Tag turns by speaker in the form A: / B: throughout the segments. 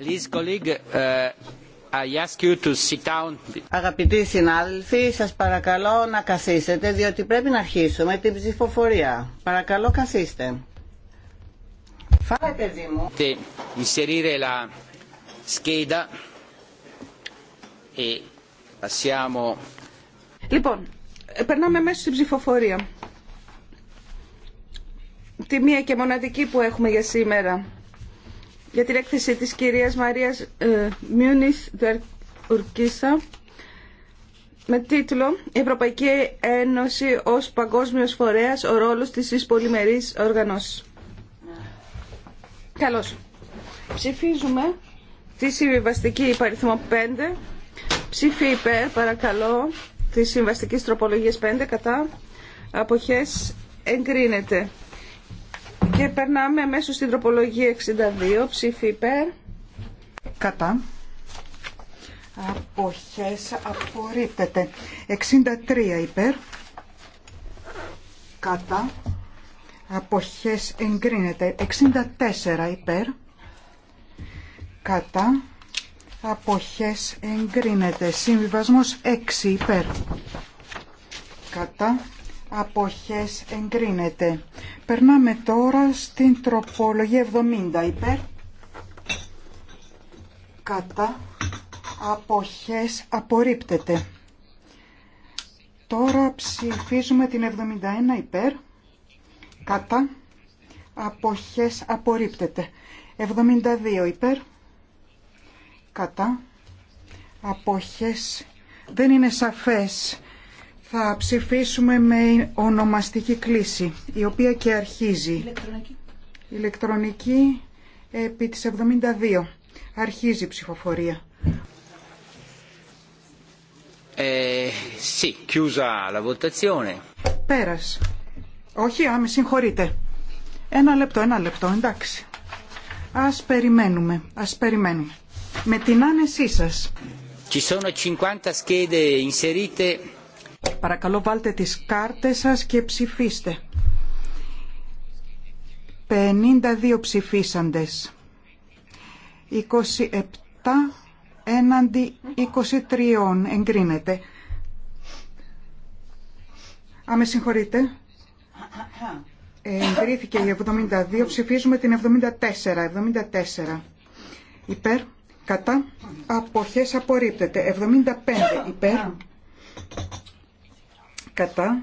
A: Uh,
B: Αγαπητοί συνάδελφοι, σας παρακαλώ να καθίσετε, διότι πρέπει να αρχίσουμε την ψηφοφορία. Παρακαλώ καθίστε.
A: E
C: λοιπόν, περνάμε μέσα στην ψηφοφορία. Τη μία και μοναδική που έχουμε για σήμερα για την έκθεση της κυρίας Μαρίας ε, Μιούνις Δερκουρκίσα με τίτλο Ευρωπαϊκή Ένωση ως παγκόσμιος φορέας, ο ρόλος της εις πολυμερής οργανώσης». Καλώς. Ψηφίζουμε τη συμβιβαστική υπαριθμό 5. Ψήφι υπέρ, παρακαλώ, τη συμβαστική τροπολογία 5 κατά αποχές εγκρίνεται. Και περνάμε μέσω στην τροπολογία 62, ψήφι υπέρ. Κατά. Αποχές
D: απορρίπτεται. 63 υπέρ. Κατά. Αποχές εγκρίνεται. 64 υπέρ. Κατά. Αποχές εγκρίνεται. Συμβιβασμός 6 υπέρ. Κατά αποχές εγκρίνεται. Περνάμε τώρα στην τροπολογία 70 υπέρ κατά αποχές απορρίπτεται. Τώρα ψηφίζουμε την 71 υπέρ κατά αποχές απορρίπτεται. 72 υπέρ κατά αποχές δεν είναι σαφές θα ψηφίσουμε με ονομαστική κλίση, η οποία και αρχίζει. Ηλεκτρονική. Ηλεκτρονική επί της 72. Αρχίζει η ψηφοφορία.
A: Ε, la votazione.
D: Πέρας. Όχι, άμεση, με συγχωρείτε. Ένα λεπτό, ένα λεπτό, εντάξει. Ας περιμένουμε, ας περιμένουμε. Με την άνεσή σας.
A: Ci sono 50 schede
D: inserite. Παρακαλώ βάλτε τις κάρτες σας και ψηφίστε. 52 ψηφίσαντες. 27 έναντι 23 εγκρίνεται. Α, με συγχωρείτε. Εγκρίθηκε η 72, ψηφίζουμε την 74. 74. Υπέρ, κατά, αποχές απορρίπτεται. 75 υπέρ, κατά,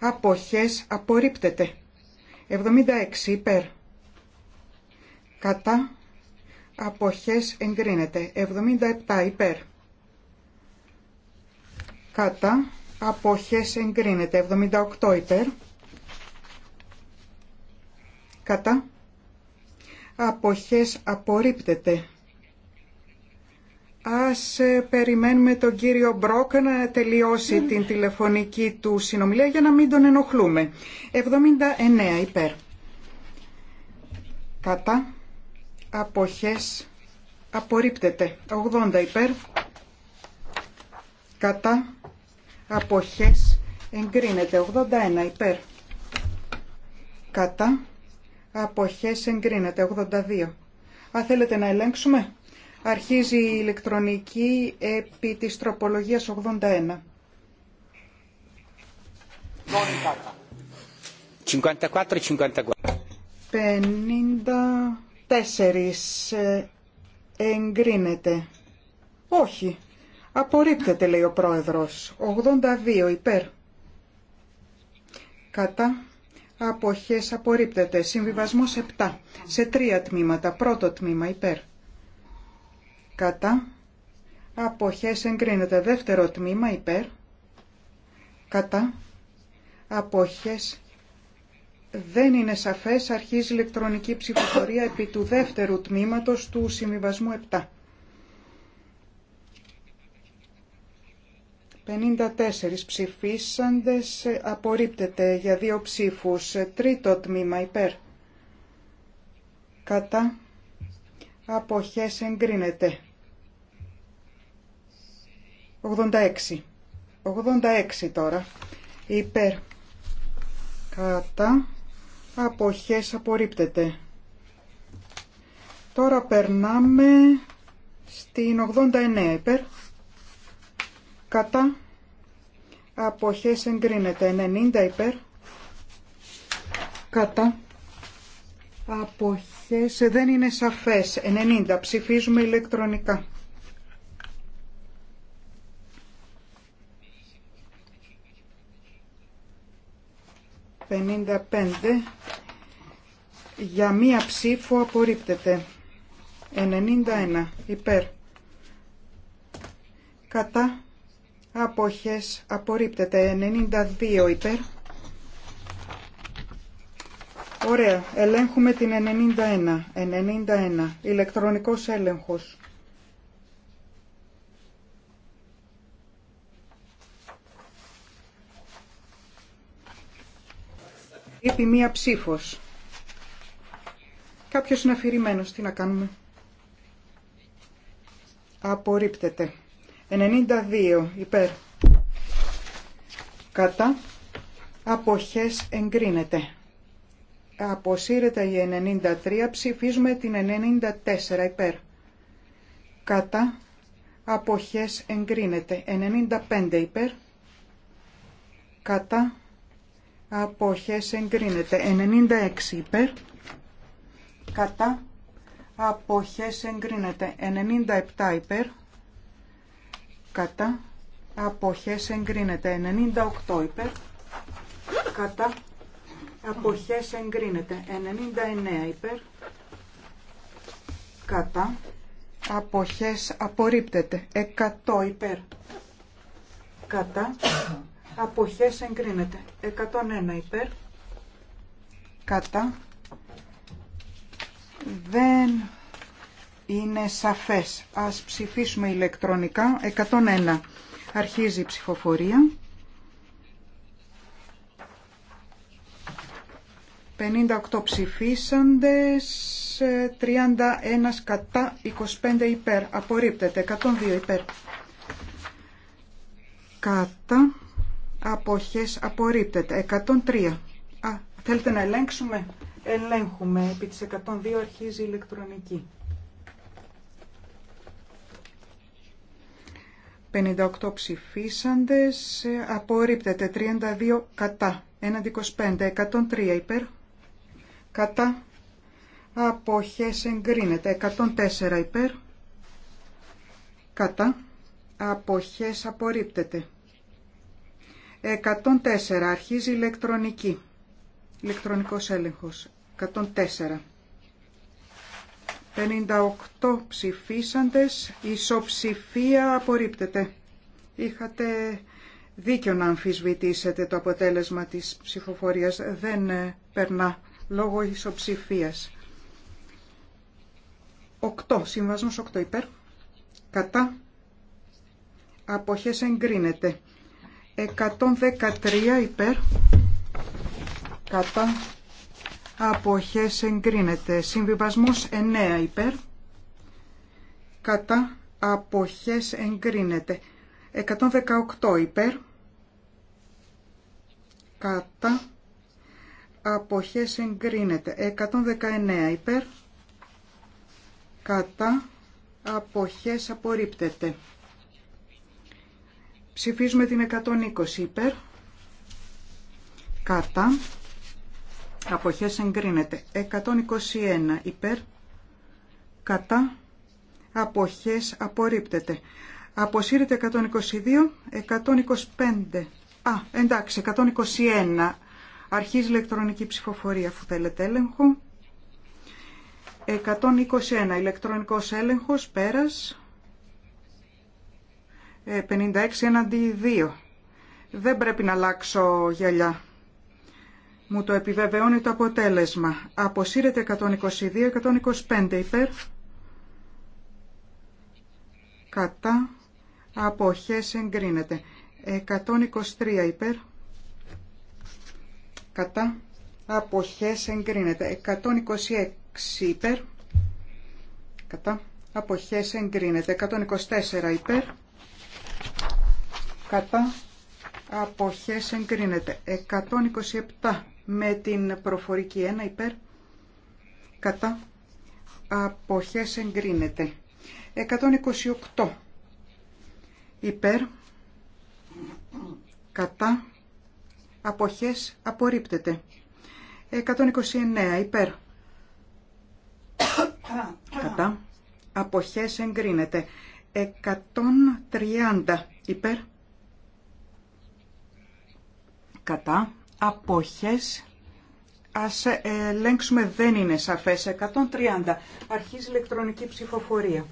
D: αποχές απορρίπτεται. 76 υπέρ, κατά, αποχές εγκρίνεται. 77 υπέρ, κατά, αποχές εγκρίνεται. 78 υπέρ, κατά, αποχές απορρίπτεται. Ας ε, περιμένουμε τον κύριο Μπρόκ να τελειώσει την τηλεφωνική του συνομιλία για να μην τον ενοχλούμε. 79 υπέρ. Κατά. Αποχές. Απορρίπτεται. 80 υπέρ. Κατά. Αποχές. Εγκρίνεται. 81 υπέρ. Κατά. Αποχές εγκρίνεται. 82. Αν θέλετε να ελέγξουμε. Αρχίζει η ηλεκτρονική επί της τροπολογίας 81. 54-54. 54 54 Όχι. Απορρίπτεται λέει ο πρόεδρος. 82 υπέρ. Κατά. Αποχές απορρίπτεται. Συμβιβασμός 7. Σε τρία τμήματα. Πρώτο τμήμα υπέρ κατά, αποχές εγκρίνεται. Δεύτερο τμήμα υπέρ, κατά, αποχές δεν είναι σαφές, αρχίζει ηλεκτρονική ψηφοφορία επί του δεύτερου τμήματος του συμβιβασμού 7. 54 ψηφίσαντες απορρίπτεται για δύο ψήφους. Τρίτο τμήμα υπέρ. Κατά αποχές εγκρίνεται. 86. 86 τώρα. Υπέρ. Κατά. Αποχές απορρίπτεται. Τώρα περνάμε στην 89 υπέρ. Κατά. Αποχές εγκρίνεται. 90 υπέρ. Κατά. Αποχές Αποχές δεν είναι σαφές. 90. Ψηφίζουμε ηλεκτρονικά. «55 για μία ψήφο απορρίπτεται. 91 υπέρ. Κατά αποχές απορρίπτεται. 92 υπέρ. Ωραία. Ελέγχουμε την 91. 91. Ηλεκτρονικός έλεγχος. Λείπει μία ψήφος. Κάποιος είναι αφηρημένος. Τι να κάνουμε. Απορρίπτεται. 92. Υπέρ. Κατά. Αποχές εγκρίνεται. Αποσύρεται η 93, ψηφίζουμε την 94 υπέρ. Κατά αποχές εγκρίνεται 95 υπέρ. Κατά αποχές εγκρίνεται 96 υπέρ. Κατά αποχές εγκρίνεται 97 υπέρ. Κατά αποχές εγκρίνεται 98 υπέρ. Κατά αποχές εγκρίνεται 99 υπέρ κατά αποχές απορρίπτεται 100 υπέρ κατά αποχές εγκρίνεται 101 υπέρ κατά δεν είναι σαφές ας ψηφίσουμε ηλεκτρονικά 101 αρχίζει η ψηφοφορία 58 ψηφίσαντες, 31 ε, κατά, 25 υπέρ. Απορρίπτεται, 102 υπέρ. Κατά, αποχές, απορρίπτεται, 103. Α, θέλετε να ελέγξουμε. Ελέγχουμε, επί της 102 αρχίζει η ηλεκτρονική. 58 ψηφίσαντες, ε, απορρίπτεται, 32 κατά, έναντι 25, 103 υπέρ κατά αποχές εγκρίνεται 104 υπέρ κατά αποχές απορρίπτεται 104 αρχίζει ηλεκτρονική ηλεκτρονικός έλεγχος 104 58 ψηφίσαντες, ισοψηφία απορρίπτεται. Είχατε δίκιο να αμφισβητήσετε το αποτέλεσμα της ψηφοφορίας. Δεν ε, περνά λόγω ισοψηφία. 8. Συμβασμός 8 υπέρ. Κατά. Αποχές εγκρίνεται. 113 υπέρ. Κατά. Αποχές εγκρίνεται. Συμβιβασμό 9 υπέρ. Κατά. Αποχές εγκρίνεται. 118 υπέρ. Κατά αποχές εγκρίνεται. 119 υπέρ, κατά, αποχές απορρίπτεται. Ψηφίζουμε την 120 υπέρ, κατά, αποχές εγκρίνεται. 121 υπέρ, κατά, αποχές απορρίπτεται. Αποσύρεται 122, 125. Α, εντάξει, 121 Αρχίζει ηλεκτρονική ψηφοφορία, αφού θέλετε έλεγχο. 121. Ηλεκτρονικός έλεγχος, πέρας. 56 ε, έναντι 2. Δεν πρέπει να αλλάξω γυαλιά. Μου το επιβεβαιώνει το αποτέλεσμα. Αποσύρεται 122-125 υπέρ. Κατά. Αποχές εγκρίνεται. 123 υπέρ κατά αποχές εγκρίνεται 126 υπέρ κατά αποχές εγκρίνεται 124 υπέρ κατά αποχές εγκρίνεται 127 με την προφορική 1 υπέρ κατά αποχές εγκρίνεται 128 υπέρ κατά αποχές απορρίπτεται. 129 υπέρ. Κατά. Αποχές εγκρίνεται. 130 υπέρ. Κατά. Αποχές. Ας ελέγξουμε δεν είναι σαφές. 130. Αρχίζει ηλεκτρονική ψηφοφορία.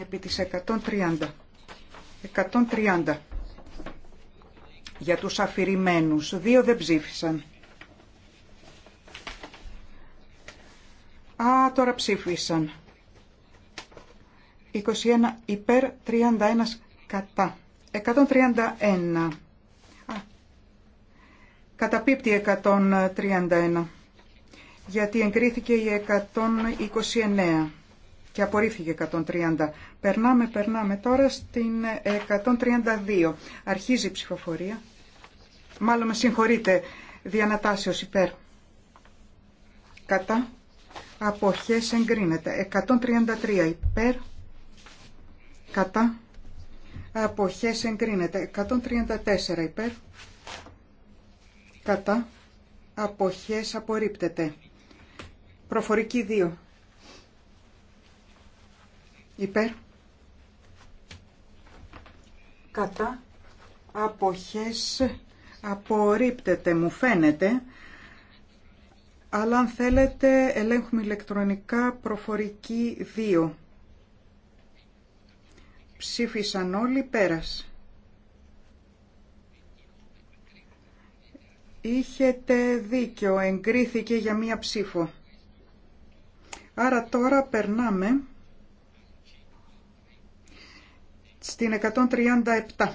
D: Επί της 130. 130 για τους αφηρημένους. Δύο δεν ψήφισαν. Α, τώρα ψήφισαν. 21 υπέρ, 31 κατά. 131. Α, καταπίπτει 131. Γιατί εγκρίθηκε η 129 και απορρίφθηκε 130. Περνάμε, περνάμε τώρα στην 132. Αρχίζει η ψηφοφορία. Μάλλον με συγχωρείτε. Διανατάσεως υπέρ. Κατά. Αποχές εγκρίνεται. 133 υπέρ. Κατά. Αποχές εγκρίνεται. 134 υπέρ. Κατά. Αποχές απορρίπτεται. Προφορική 2. Υπέρ. Κατά. Αποχές Απορρίπτεται, μου φαίνεται. Αλλά αν θέλετε, ελέγχουμε ηλεκτρονικά προφορική 2. Ψήφισαν όλοι, πέρας. Είχετε δίκιο, εγκρίθηκε για μία ψήφο. Άρα τώρα περνάμε στην 137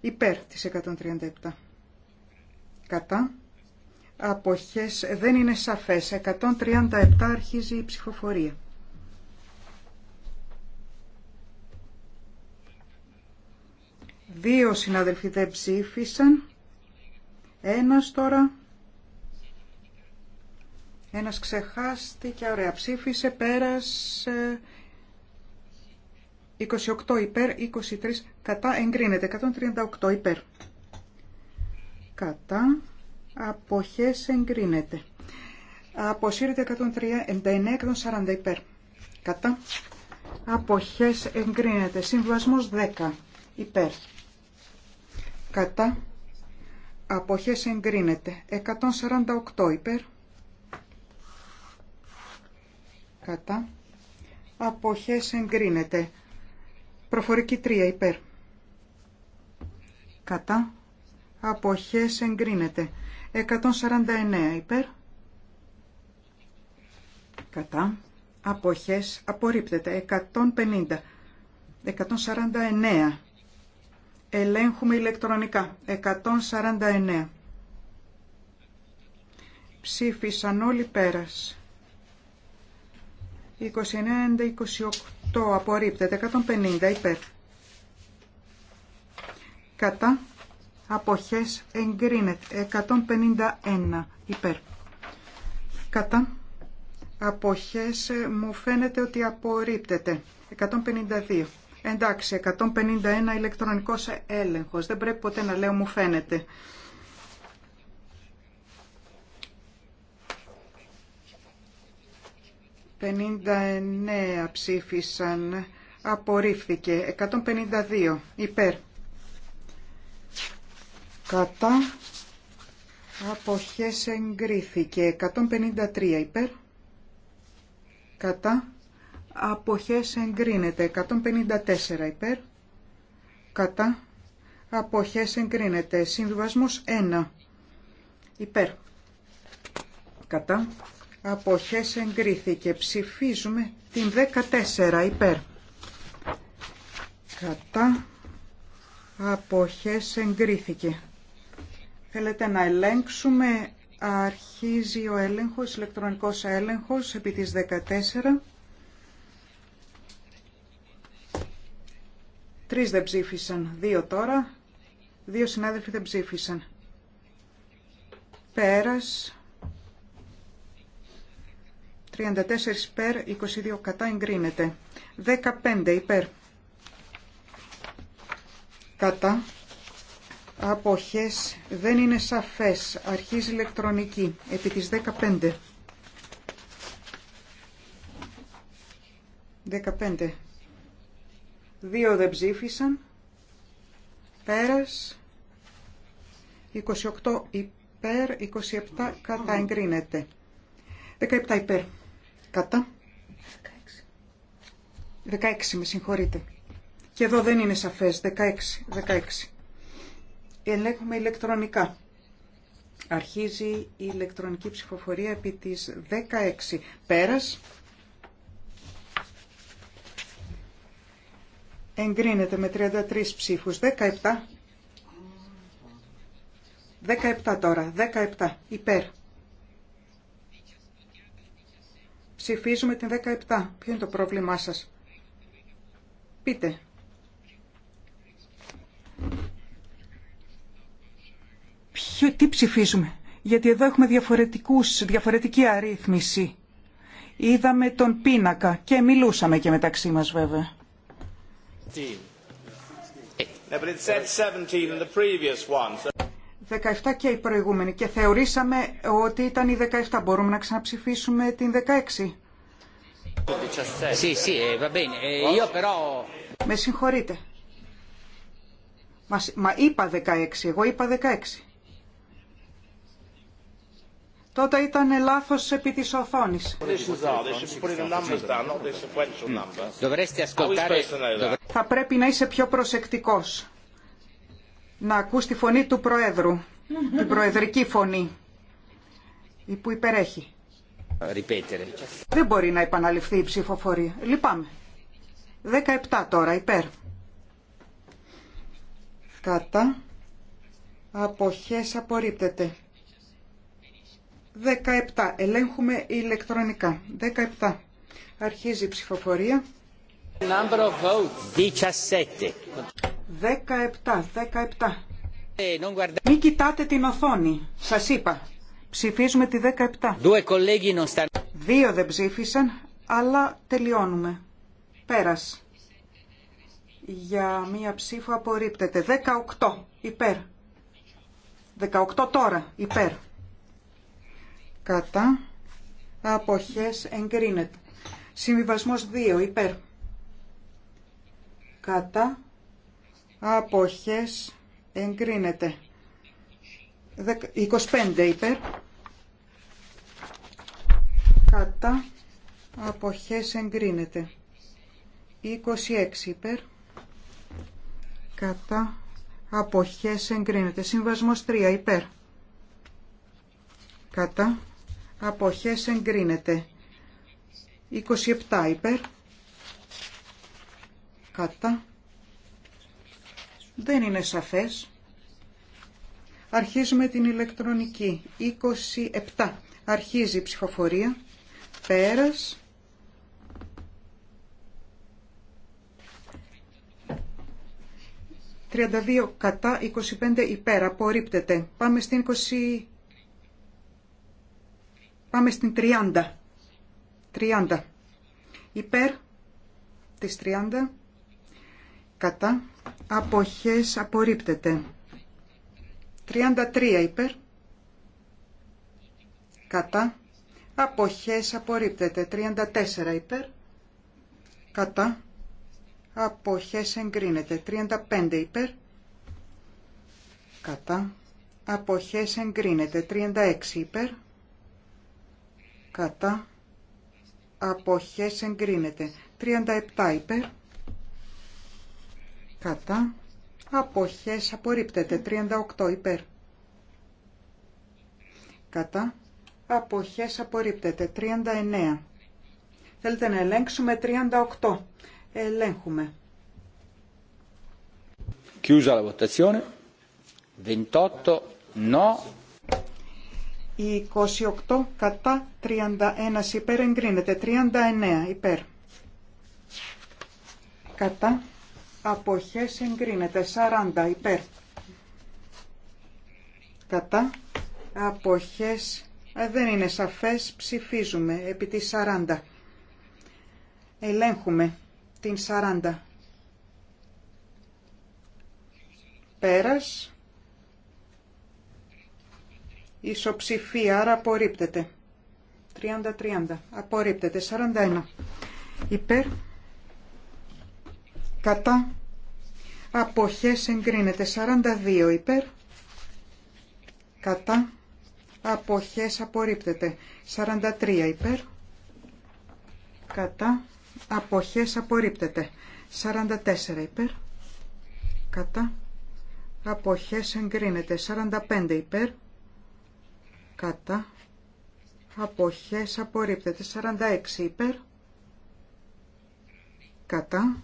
D: υπέρ της 137. Κατά. Αποχές δεν είναι σαφές. 137 αρχίζει η ψηφοφορία. Δύο συναδελφοί δεν ψήφισαν. Ένας τώρα. Ένας ξεχάστηκε. Ωραία ψήφισε. Πέρασε. 28 υπέρ, 23 κατά, εγκρίνεται. 138 υπέρ. Κατά, αποχές εγκρίνεται. Αποσύρεται 139, 140 υπέρ. Κατά, αποχές εγκρίνεται. Συμβασμός 10 υπέρ. Κατά, αποχές εγκρίνεται. 148 υπέρ. Κατά, αποχές εγκρίνεται. Προφορική 3 υπέρ. Κατά. Αποχές εγκρίνεται. 149 υπέρ. Κατά. Αποχές απορρίπτεται. 150. 149. Ελέγχουμε ηλεκτρονικά. 149. Ψήφισαν όλοι πέρας. 29-28 το απορρίπτεται 150 υπέρ κατά αποχές εγκρίνεται 151 υπέρ κατά αποχές ε, μου φαίνεται ότι απορρίπτεται 152 εντάξει 151 ηλεκτρονικός έλεγχος δεν πρέπει ποτέ να λέω μου φαίνεται 59 ψήφισαν. Απορρίφθηκε. 152 υπέρ. Κατά. Αποχές εγκρίθηκε. 153 υπέρ. Κατά. Αποχές εγκρίνεται. 154 υπέρ. Κατά. Αποχές εγκρίνεται. Συμβιβασμός 1. Υπέρ. Κατά αποχές εγκρίθηκε. Ψηφίζουμε την 14 υπέρ. Κατά αποχές εγκρίθηκε. Θέλετε να ελέγξουμε. Αρχίζει ο έλεγχος, ηλεκτρονικός έλεγχος επί της 14. Τρεις δεν ψήφισαν, δύο τώρα, δύο συνάδελφοι δεν ψήφισαν. Πέρας, 34 υπέρ, 22 κατά εγκρίνεται. 15 υπέρ. Κατά. Αποχές δεν είναι σαφές. Αρχίζει ηλεκτρονική. Επί της 15. 15. Δύο δεν ψήφισαν. Πέρας. 28 υπέρ, 27 κατά εγκρίνεται. 17 υπέρ. Κατά. 16. 16 με συγχωρείτε. Και εδώ δεν είναι σαφές. 16. 16. Ελέγχουμε ηλεκτρονικά. Αρχίζει η ηλεκτρονική ψηφοφορία επί της 16. Πέρας. Εγκρίνεται με 33 ψήφους. 17. 17 τώρα. 17. Υπέρ. Ψηφίζουμε την 17. Ποιο είναι το πρόβλημά σας. Πείτε. Ποιο, τι ψηφίζουμε. Γιατί εδώ έχουμε διαφορετικούς, διαφορετική αρρύθμιση. Είδαμε τον πίνακα και μιλούσαμε και μεταξύ μας βέβαια. 17 και η προηγούμενη και θεωρήσαμε ότι ήταν η 17. Μπορούμε να ξαναψηφίσουμε την 16.
A: Eh, eh,
D: Με συγχωρείτε. Μα, είπα 16, εγώ είπα 16. Τότε ήταν λάθος επί της οθόνης. Mm. Θα πρέπει να είσαι πιο προσεκτικός να ακούς τη φωνή του Προέδρου, την προεδρική φωνή, η που υπερέχει. Δεν μπορεί να επαναληφθεί η ψηφοφορία. Λυπάμαι. 17 τώρα, υπέρ. Κατά. Αποχές απορρίπτεται. 17. Ελέγχουμε ηλεκτρονικά. 17. Αρχίζει η ψηφοφορία. 17, 17. Μην κοιτάτε την οθόνη. Σα είπα. Ψηφίζουμε τη 17. Δύο δεν ψήφισαν, αλλά τελειώνουμε. Πέρας. Για μία ψήφο απορρίπτεται. 18 υπέρ. 18 τώρα υπέρ. Κατά. απόχέ εγκρίνεται. Συμβιβασμό 2 υπέρ. Κατά αποχές εγκρίνεται 25 υπέρ κατά αποχές εγκρίνεται 26 υπέρ κατά αποχές εγκρίνεται συμβασμός 3 υπέρ κατά αποχές εγκρίνεται 27 υπέρ κατά δεν είναι σαφές. Αρχίζουμε την ηλεκτρονική. 27. Αρχίζει η ψηφοφορία. Πέρας. 32 κατά, 25 υπέρ. Απορρίπτεται. Πάμε στην 20... Πάμε στην 30. 30. Υπέρ της 30. Κατά αποχές απορρίπτεται. 33 υπέρ. Κατά. Αποχές απορρίπτεται. 34 υπέρ. Κατά. Αποχές εγκρίνεται. 35 υπέρ. Κατά. Αποχές εγκρίνεται. 36 υπέρ. Κατά. Αποχές εγκρίνεται. 37 υπέρ κατά, αποχές απορρίπτεται 38 υπέρ, κατά, αποχές απορρίπτεται 39. Θέλετε να ελέγξουμε 38. Ελέγχουμε.
A: Chiusa la votazione. 28 no.
D: 28 κατά 31 υπέρ εγκρίνεται. 39 υπέρ. Κατά αποχές εγκρίνεται. 40 υπέρ. Κατά αποχές ε, δεν είναι σαφές. Ψηφίζουμε επί τη 40. Ελέγχουμε την 40. Πέρας. Ισοψηφία, άρα απορρίπτεται. 30-30. Απορρίπτεται. 41. Υπέρ κατά αποχές εγκρίνεται 42 υπέρ κατά αποχές απορρίπτεται 43 υπέρ κατά αποχές απορρίπτεται 44 υπέρ κατά αποχές εγκρίνεται 45 υπέρ κατά αποχές απορρίπτεται 46 υπέρ κατά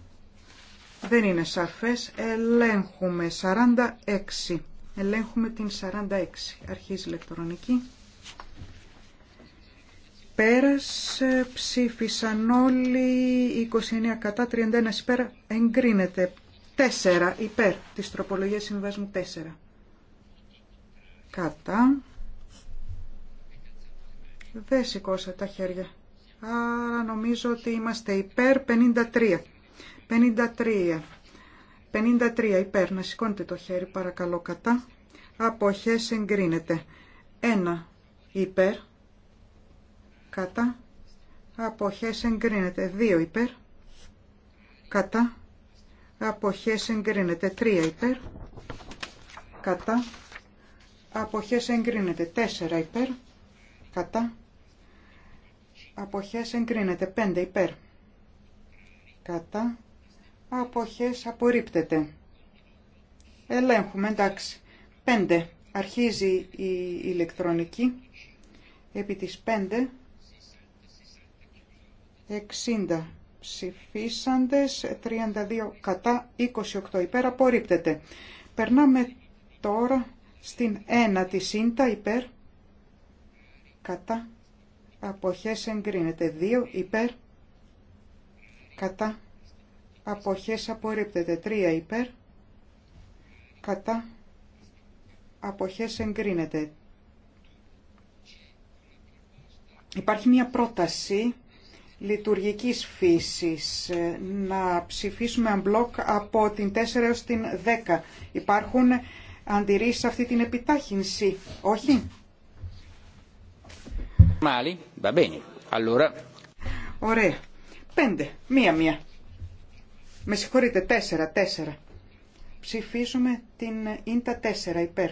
D: δεν είναι σαφές. Ελέγχουμε 46. Ελέγχουμε την 46. Αρχίζει ηλεκτρονική. Πέρασε, ψήφισαν όλοι 29 κατά, 31 υπέρ, εγκρίνεται 4 υπέρ της τροπολογίας συμβάσμου 4. Κατά. Δεν σηκώσα τα χέρια. Άρα νομίζω ότι είμαστε υπέρ 53. 53. 53 υπέρ. Να σηκώνετε το χέρι παρακαλώ κατά. Αποχές εγκρίνεται. 1 υπέρ. Κατά. Αποχές εγκρίνεται. 2 υπέρ. Κατά. Αποχές εγκρίνεται. 3 υπέρ. Κατά. Αποχές εγκρίνεται. 4 υπέρ. Κατά. Αποχές εγκρίνεται. 5 υπέρ. Κατά αποχές απορρίπτεται. Ελέγχουμε, εντάξει. 5. Αρχίζει η ηλεκτρονική. Επί της 5. 60 ψηφίσαντες, 32 κατά, 28 υπέρ, απορρίπτεται. Περνάμε τώρα στην 1 τη ΣΥΝΤΑ υπέρ, κατά, αποχές εγκρίνεται. 2 υπέρ, κατά, αποχές απορρίπτεται Τρία υπέρ κατά αποχές εγκρίνεται Υπάρχει μια πρόταση λειτουργικής φύσης ε, να ψηφίσουμε μπλοκ από την 4 έως την 10. Υπάρχουν αντιρρήσεις σε αυτή την επιτάχυνση, όχι?
A: Μάλι, va bene.
D: Ωραία. Πέντε, μία-μία. Με συγχωρείτε, 4, 4. Ψηφίζουμε την ίντα 4 υπέρ.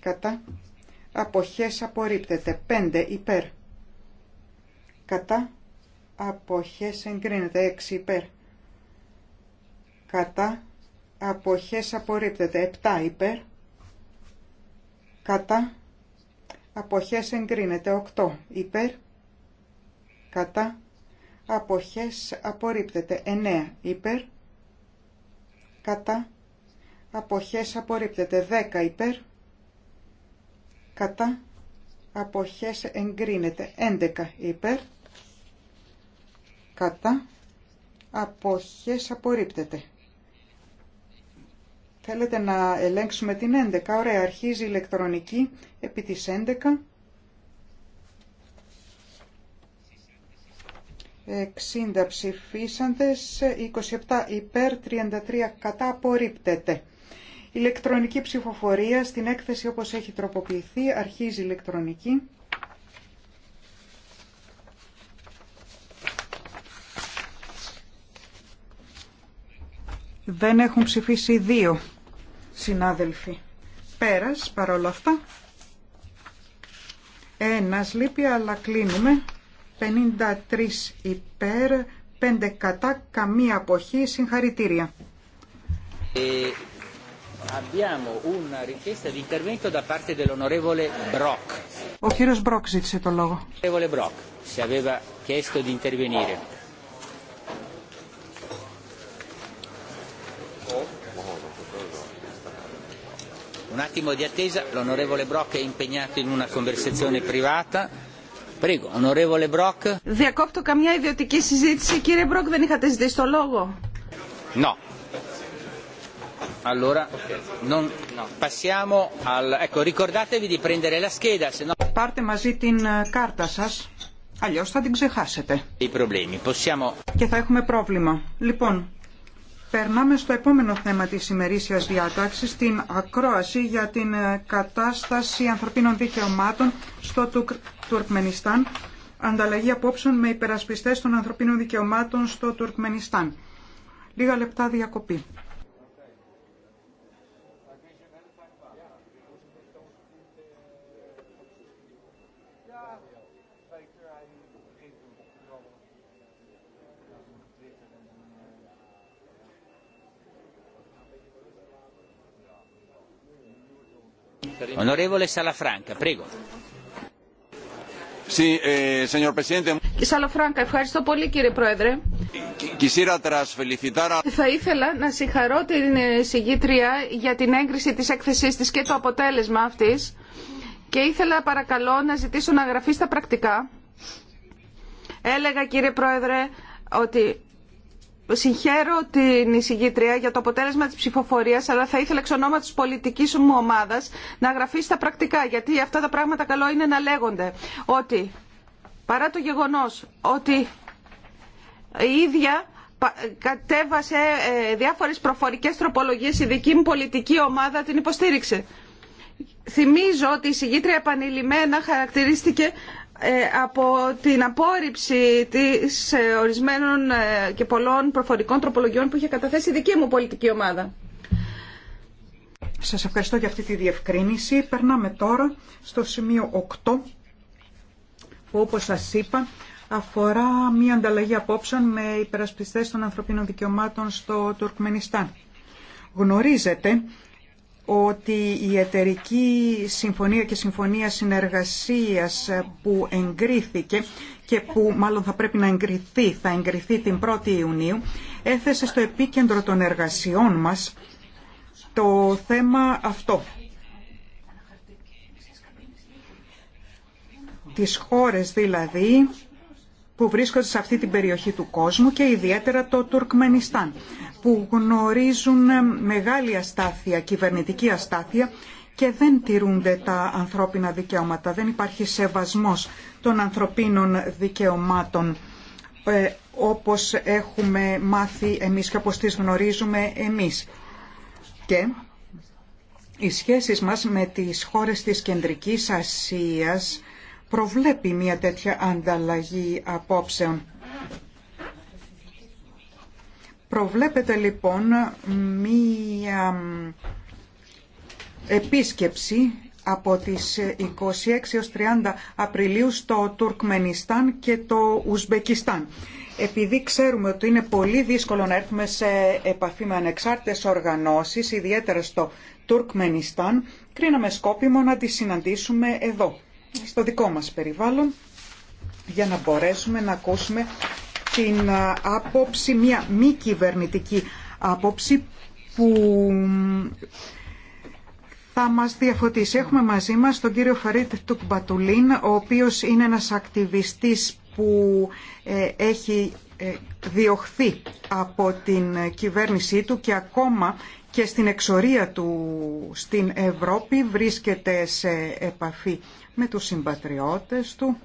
D: Κατά. Αποχές απορρίπτεται. 5 υπέρ. Κατά. Αποχές εγκρίνεται. 6 υπέρ. Κατά. Αποχές απορρίπτεται. 7 υπέρ. Κατά. Αποχές εγκρίνεται. 8 υπέρ. Κατά αποχές απορρίπτεται. 9 υπέρ, κατά, αποχές απορρίπτεται. 10 υπέρ, κατά, αποχές εγκρίνεται. 11 υπέρ, κατά, αποχές απορρίπτεται. Θέλετε να ελέγξουμε την 11. Ωραία, αρχίζει η ηλεκτρονική επί της 11. 60 ψηφίσαντες, 27 υπέρ, 33 κατά απορρίπτεται. Ηλεκτρονική ψηφοφορία στην έκθεση όπως έχει τροποποιηθεί, αρχίζει ηλεκτρονική. Δεν έχουν ψηφίσει δύο συνάδελφοι. Πέρας, παρόλα αυτά. Ένας λείπει, αλλά κλείνουμε. 53 υπέρ, 5 κατά, καμία αποχή, συγχαρητήρια.
A: abbiamo una richiesta di intervento da parte dell'onorevole Brock.
D: Ο κύριος Brock ζήτησε το λόγο.
A: Onorevole Brock, se aveva chiesto di intervenire. Un attimo di attesa, l'onorevole Brock è impegnato in una conversazione privata.
C: Διακόπτω καμιά ιδιωτική συζήτηση. Κύριε Μπροκ, δεν είχατε ζητήσει το λόγο.
D: Πάρτε μαζί την ε, κάρτα σας, αλλιώς θα την ξεχάσετε. Και θα έχουμε πρόβλημα. Λοιπόν, περνάμε στο επόμενο θέμα της ημερήσιας διάταξης, την ακρόαση για την ε, κατάσταση ανθρωπίνων δικαιωμάτων στο, Τουρκμενιστάν, ανταλλαγή απόψεων με υπερασπιστές των ανθρωπίνων δικαιωμάτων στο Τουρκμενιστάν. Λίγα λεπτά διακοπή.
A: Onorevole Salafranca, prego.
B: Eh,
C: ευχαριστώ πολύ κύριε Πρόεδρε. Θα ήθελα να συγχαρώ την ε, συγγήτρια για την έγκριση της έκθεσής της και το αποτέλεσμα αυτής και ήθελα παρακαλώ να ζητήσω να γραφεί στα πρακτικά. Έλεγα κύριε Πρόεδρε ότι Συγχαίρω την εισηγήτρια για το αποτέλεσμα της ψηφοφορίας, αλλά θα ήθελα εξ ονόματος της πολιτικής μου ομάδας να γραφεί στα πρακτικά, γιατί αυτά τα πράγματα καλό είναι να λέγονται. Ότι, παρά το γεγονός ότι η ίδια κατέβασε ε, διάφορες προφορικές τροπολογίες, η δική μου πολιτική ομάδα την υποστήριξε. Θυμίζω ότι η εισηγήτρια επανειλημμένα χαρακτηρίστηκε ε, από την απόρριψη της ε, ορισμένων ε, και πολλών προφορικών τροπολογιών που είχε καταθέσει η δική μου πολιτική ομάδα.
D: Σας ευχαριστώ για αυτή τη διευκρίνηση. Περνάμε τώρα στο σημείο 8 που όπως σας είπα αφορά μια ανταλλαγή απόψεων με υπερασπιστές των ανθρωπίνων δικαιωμάτων στο Τουρκμενιστάν. Γνωρίζετε ότι η εταιρική συμφωνία και συμφωνία συνεργασίας που εγκρίθηκε και που μάλλον θα πρέπει να εγκριθεί, θα εγκριθεί την 1η Ιουνίου, έθεσε στο επίκεντρο των εργασιών μας το θέμα αυτό. Τις χώρες δηλαδή που βρίσκονται σε αυτή την περιοχή του κόσμου και ιδιαίτερα το Τουρκμενιστάν που γνωρίζουν μεγάλη αστάθεια, κυβερνητική αστάθεια και δεν τηρούνται τα ανθρώπινα δικαιώματα. Δεν υπάρχει σεβασμός των ανθρωπίνων δικαιωμάτων ε, όπως έχουμε μάθει εμείς και όπως τις γνωρίζουμε εμείς. Και οι σχέσεις μας με τις χώρες της Κεντρικής Ασίας προβλέπει μια τέτοια ανταλλαγή απόψεων. Προβλέπεται λοιπόν μία επίσκεψη από τις 26 έως 30 Απριλίου στο Τουρκμενιστάν και το Ουσμπεκιστάν. Επειδή ξέρουμε ότι είναι πολύ δύσκολο να έρθουμε σε επαφή με ανεξάρτητες οργανώσεις, ιδιαίτερα στο Τουρκμενιστάν, κρίναμε σκόπιμο να τις συναντήσουμε εδώ, στο δικό μας περιβάλλον, για να μπορέσουμε να ακούσουμε την άποψη, μια μη κυβερνητική άποψη που θα μας διαφωτίσει. Έχουμε μαζί μας τον κύριο Φαρίτ Τουκμπατουλίν, ο οποίος είναι ένας ακτιβιστής που ε, έχει ε, διωχθεί από την κυβέρνησή του και ακόμα και στην εξορία του στην Ευρώπη βρίσκεται σε επαφή με τους συμπατριώτες του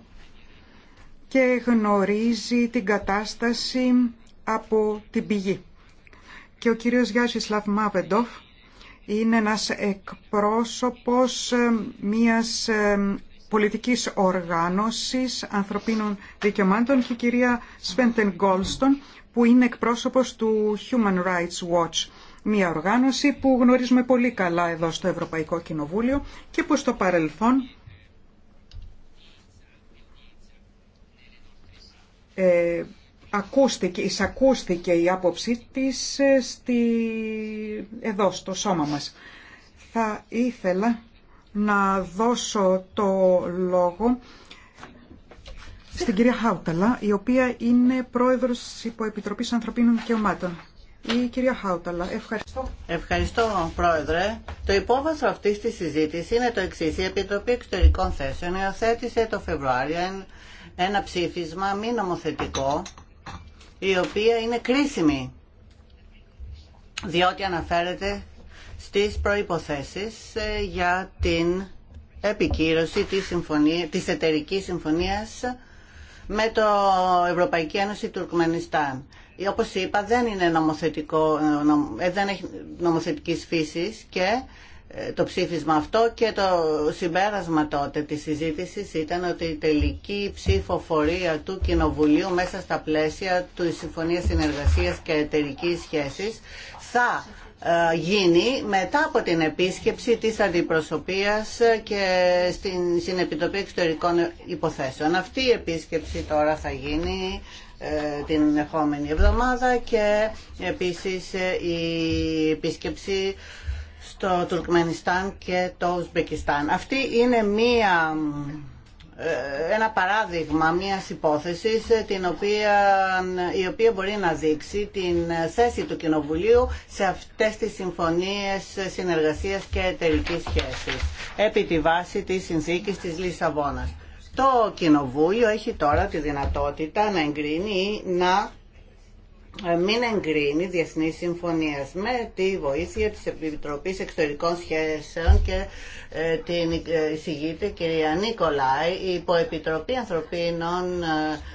D: και γνωρίζει την κατάσταση από την πηγή. Και ο κύριος Γιάσης Μάβεντοφ είναι ένας εκπρόσωπος ε, μιας ε, πολιτικής οργάνωσης ανθρωπίνων δικαιωμάτων και η κυρία Σβέντεν Γκόλστον που είναι εκπρόσωπος του Human Rights Watch, μια οργάνωση που γνωρίζουμε πολύ καλά εδώ στο Ευρωπαϊκό Κοινοβούλιο και που στο παρελθόν ε, ακούστηκε, εισακούστηκε η άποψή της ε, στη, εδώ στο σώμα μας. Θα ήθελα να δώσω το λόγο στην κυρία Χάουταλα, η οποία είναι πρόεδρος της Υποεπιτροπής Ανθρωπίνων Δικαιωμάτων. Η κυρία Χάουταλα, ευχαριστώ.
B: Ευχαριστώ, Πρόεδρε. Το υπόβαθρο αυτής της συζήτησης είναι το εξής. Η Επιτροπή Εξωτερικών Θέσεων υιοθέτησε το Φεβρουάριο ένα ψήφισμα μη νομοθετικό, η οποία είναι κρίσιμη, διότι αναφέρεται στις προϋποθέσεις ε, για την επικύρωση της, συμφωνία, της εταιρικής συμφωνίας με το Ευρωπαϊκή Ένωση Τουρκμενιστάν. Όπως είπα δεν είναι νομοθετικό, ε, ε, δεν έχει νομοθετικής φύσης και ε, το ψήφισμα αυτό και το συμπέρασμα τότε της συζήτησης ήταν ότι η τελική ψηφοφορία του Κοινοβουλίου μέσα στα πλαίσια του Συμφωνίας Συνεργασίας και Εταιρικής Σχέσης θα ε, γίνει μετά από την επίσκεψη της αντιπροσωπείας ε, και στην συνεπιτοπή Εξωτερικών Υποθέσεων. Αυτή η επίσκεψη τώρα θα γίνει την ερχόμενη εβδομάδα και επίσης η επίσκεψη το Τουρκμενιστάν και το Ουσμπεκιστάν. Αυτή είναι μία, ε, ένα παράδειγμα μία υπόθεσης ε, την οποία, η οποία μπορεί να δείξει την ε, θέση του Κοινοβουλίου σε αυτές τις συμφωνίες συνεργασίας και εταιρική σχέσης επί τη βάση της συνθήκης της Λισαβόνας. Το Κοινοβούλιο έχει τώρα τη δυνατότητα να εγκρίνει ή να ε, μην εγκρίνει Διεθνή συμφωνίες με τη βοήθεια της Επιτροπής Εξωτερικών Σχέσεων και ε, την ε, εισηγείται κυρία Νίκολάη. Η Υποεπιτροπή Ανθρωπίνων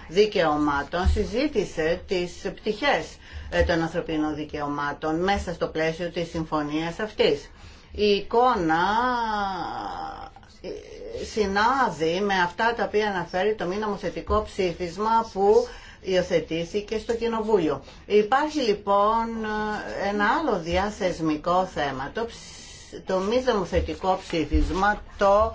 B: Δικαιωμάτων συζήτησε τις πτυχές των ανθρωπίνων δικαιωμάτων μέσα στο πλαίσιο της συμφωνίας αυτής. Η εικόνα συνάδει με αυτά τα οποία αναφέρει το μη θετικό ψήφισμα που και στο Κοινοβούλιο. Υπάρχει λοιπόν ένα άλλο διαθεσμικό θέμα, το, το μη δημοθετικό ψήφισμα, το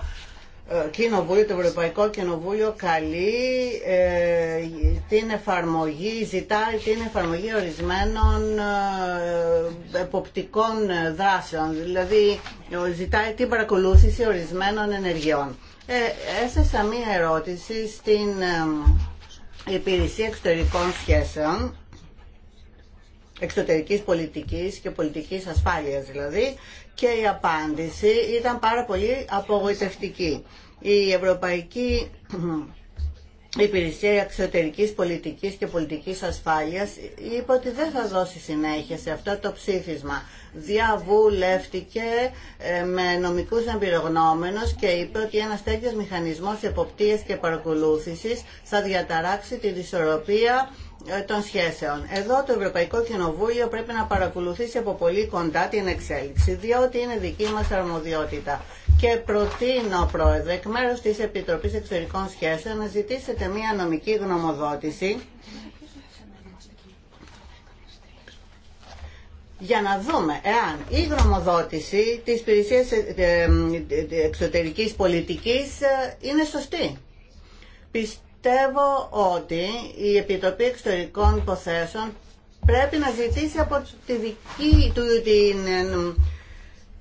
B: ε, Κοινοβούλιο, το Ευρωπαϊκό Κοινοβούλιο καλεί ε, την εφαρμογή, ζητάει την εφαρμογή ορισμένων ε, εποπτικών δράσεων, δηλαδή ζητάει την παρακολούθηση ορισμένων ενεργειών. Ε, μία ερώτηση στην ε, η υπηρεσία εξωτερικών σχέσεων, εξωτερικής πολιτικής και πολιτικής ασφάλειας δηλαδή, και η απάντηση ήταν πάρα πολύ απογοητευτική. Η Ευρωπαϊκή Υπηρεσία Εξωτερικής Πολιτικής και Πολιτικής Ασφάλειας είπε ότι δεν θα δώσει συνέχεια σε αυτό το ψήφισμα διαβουλεύτηκε ε, με νομικούς εμπειρογνώμενους και είπε ότι ένας τέτοιος μηχανισμός εποπτείας και παρακολούθησης θα διαταράξει τη δυσορροπία ε, των σχέσεων. Εδώ το Ευρωπαϊκό Κοινοβούλιο πρέπει να παρακολουθήσει από πολύ κοντά την εξέλιξη, διότι είναι δική μας αρμοδιότητα. Και προτείνω, Πρόεδρε, εκ μέρους της Επιτροπής Εξωτερικών Σχέσεων να ζητήσετε μία νομική γνωμοδότηση για να δούμε εάν η γνωμοδότηση της υπηρεσία ε, ε, ε, εξωτερικής πολιτικής είναι σωστή. Πιστεύω ότι η Επιτροπή Εξωτερικών Υποθέσεων πρέπει να ζητήσει από τη δική του την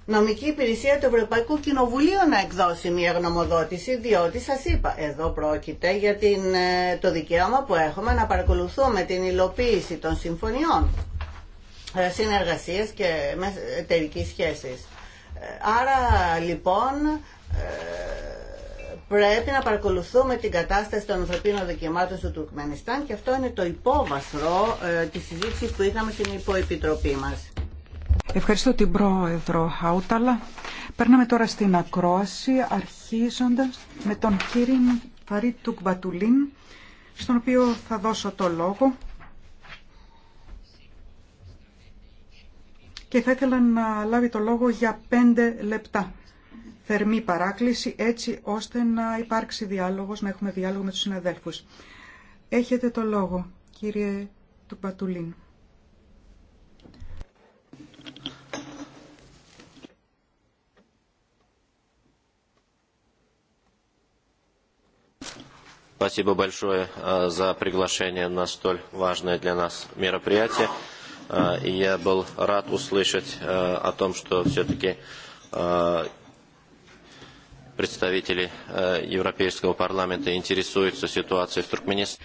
B: νομική υπηρεσία του Ευρωπαϊκού Κοινοβουλίου να εκδώσει μια γνωμοδότηση, διότι σας είπα, εδώ πρόκειται για την, το δικαίωμα που έχουμε να παρακολουθούμε την υλοποίηση των συμφωνιών ε, συνεργασίες και εταιρικής σχέσης. Ε, άρα λοιπόν ε, πρέπει να παρακολουθούμε την κατάσταση των ανθρωπίνων δικαιωμάτων στο Τουρκμενιστάν και αυτό είναι το υπόβαθρο της συζήτησης που είχαμε στην υποεπιτροπή μας.
D: Ευχαριστώ την Πρόεδρο Χάουταλα. Περνάμε τώρα στην ακρόαση αρχίζοντας με τον κύριο Φαρίτ Τουκμπατουλίν στον οποίο θα δώσω το λόγο και θα ήθελα να λάβει το λόγο για πέντε λεπτά. Θερμή παράκληση έτσι ώστε να υπάρξει διάλογος, να έχουμε διάλογο με τους συναδέλφους. Έχετε το λόγο, κύριε του Ευχαριστώ
E: Спасибо большое э, за приглашение на столь важное для нас мероприятие и я был рад услышать э, о том, что все-таки э, представители э, Европейского парламента интересуются ситуацией в Туркменистане.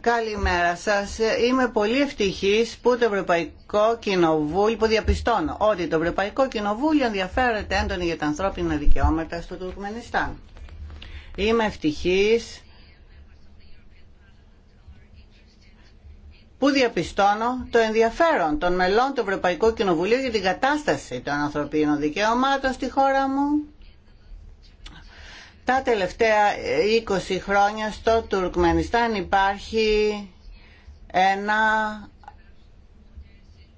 B: Καλημέρα σας. Είμαι πολύ ευτυχής που το Ευρωπαϊκό Κοινοβούλιο, που διαπιστώνω ότι το Ευρωπαϊκό Κοινοβούλιο ενδιαφέρεται έντονη για τα ανθρώπινα δικαιώματα στο Τουρκμενιστάν. Είμαι ευτυχής που διαπιστώνω το ενδιαφέρον των μελών του Ευρωπαϊκού Κοινοβουλίου για την κατάσταση των ανθρωπίνων δικαιωμάτων στη χώρα μου. Τα τελευταία 20 χρόνια στο Τουρκμενιστάν υπάρχει ένα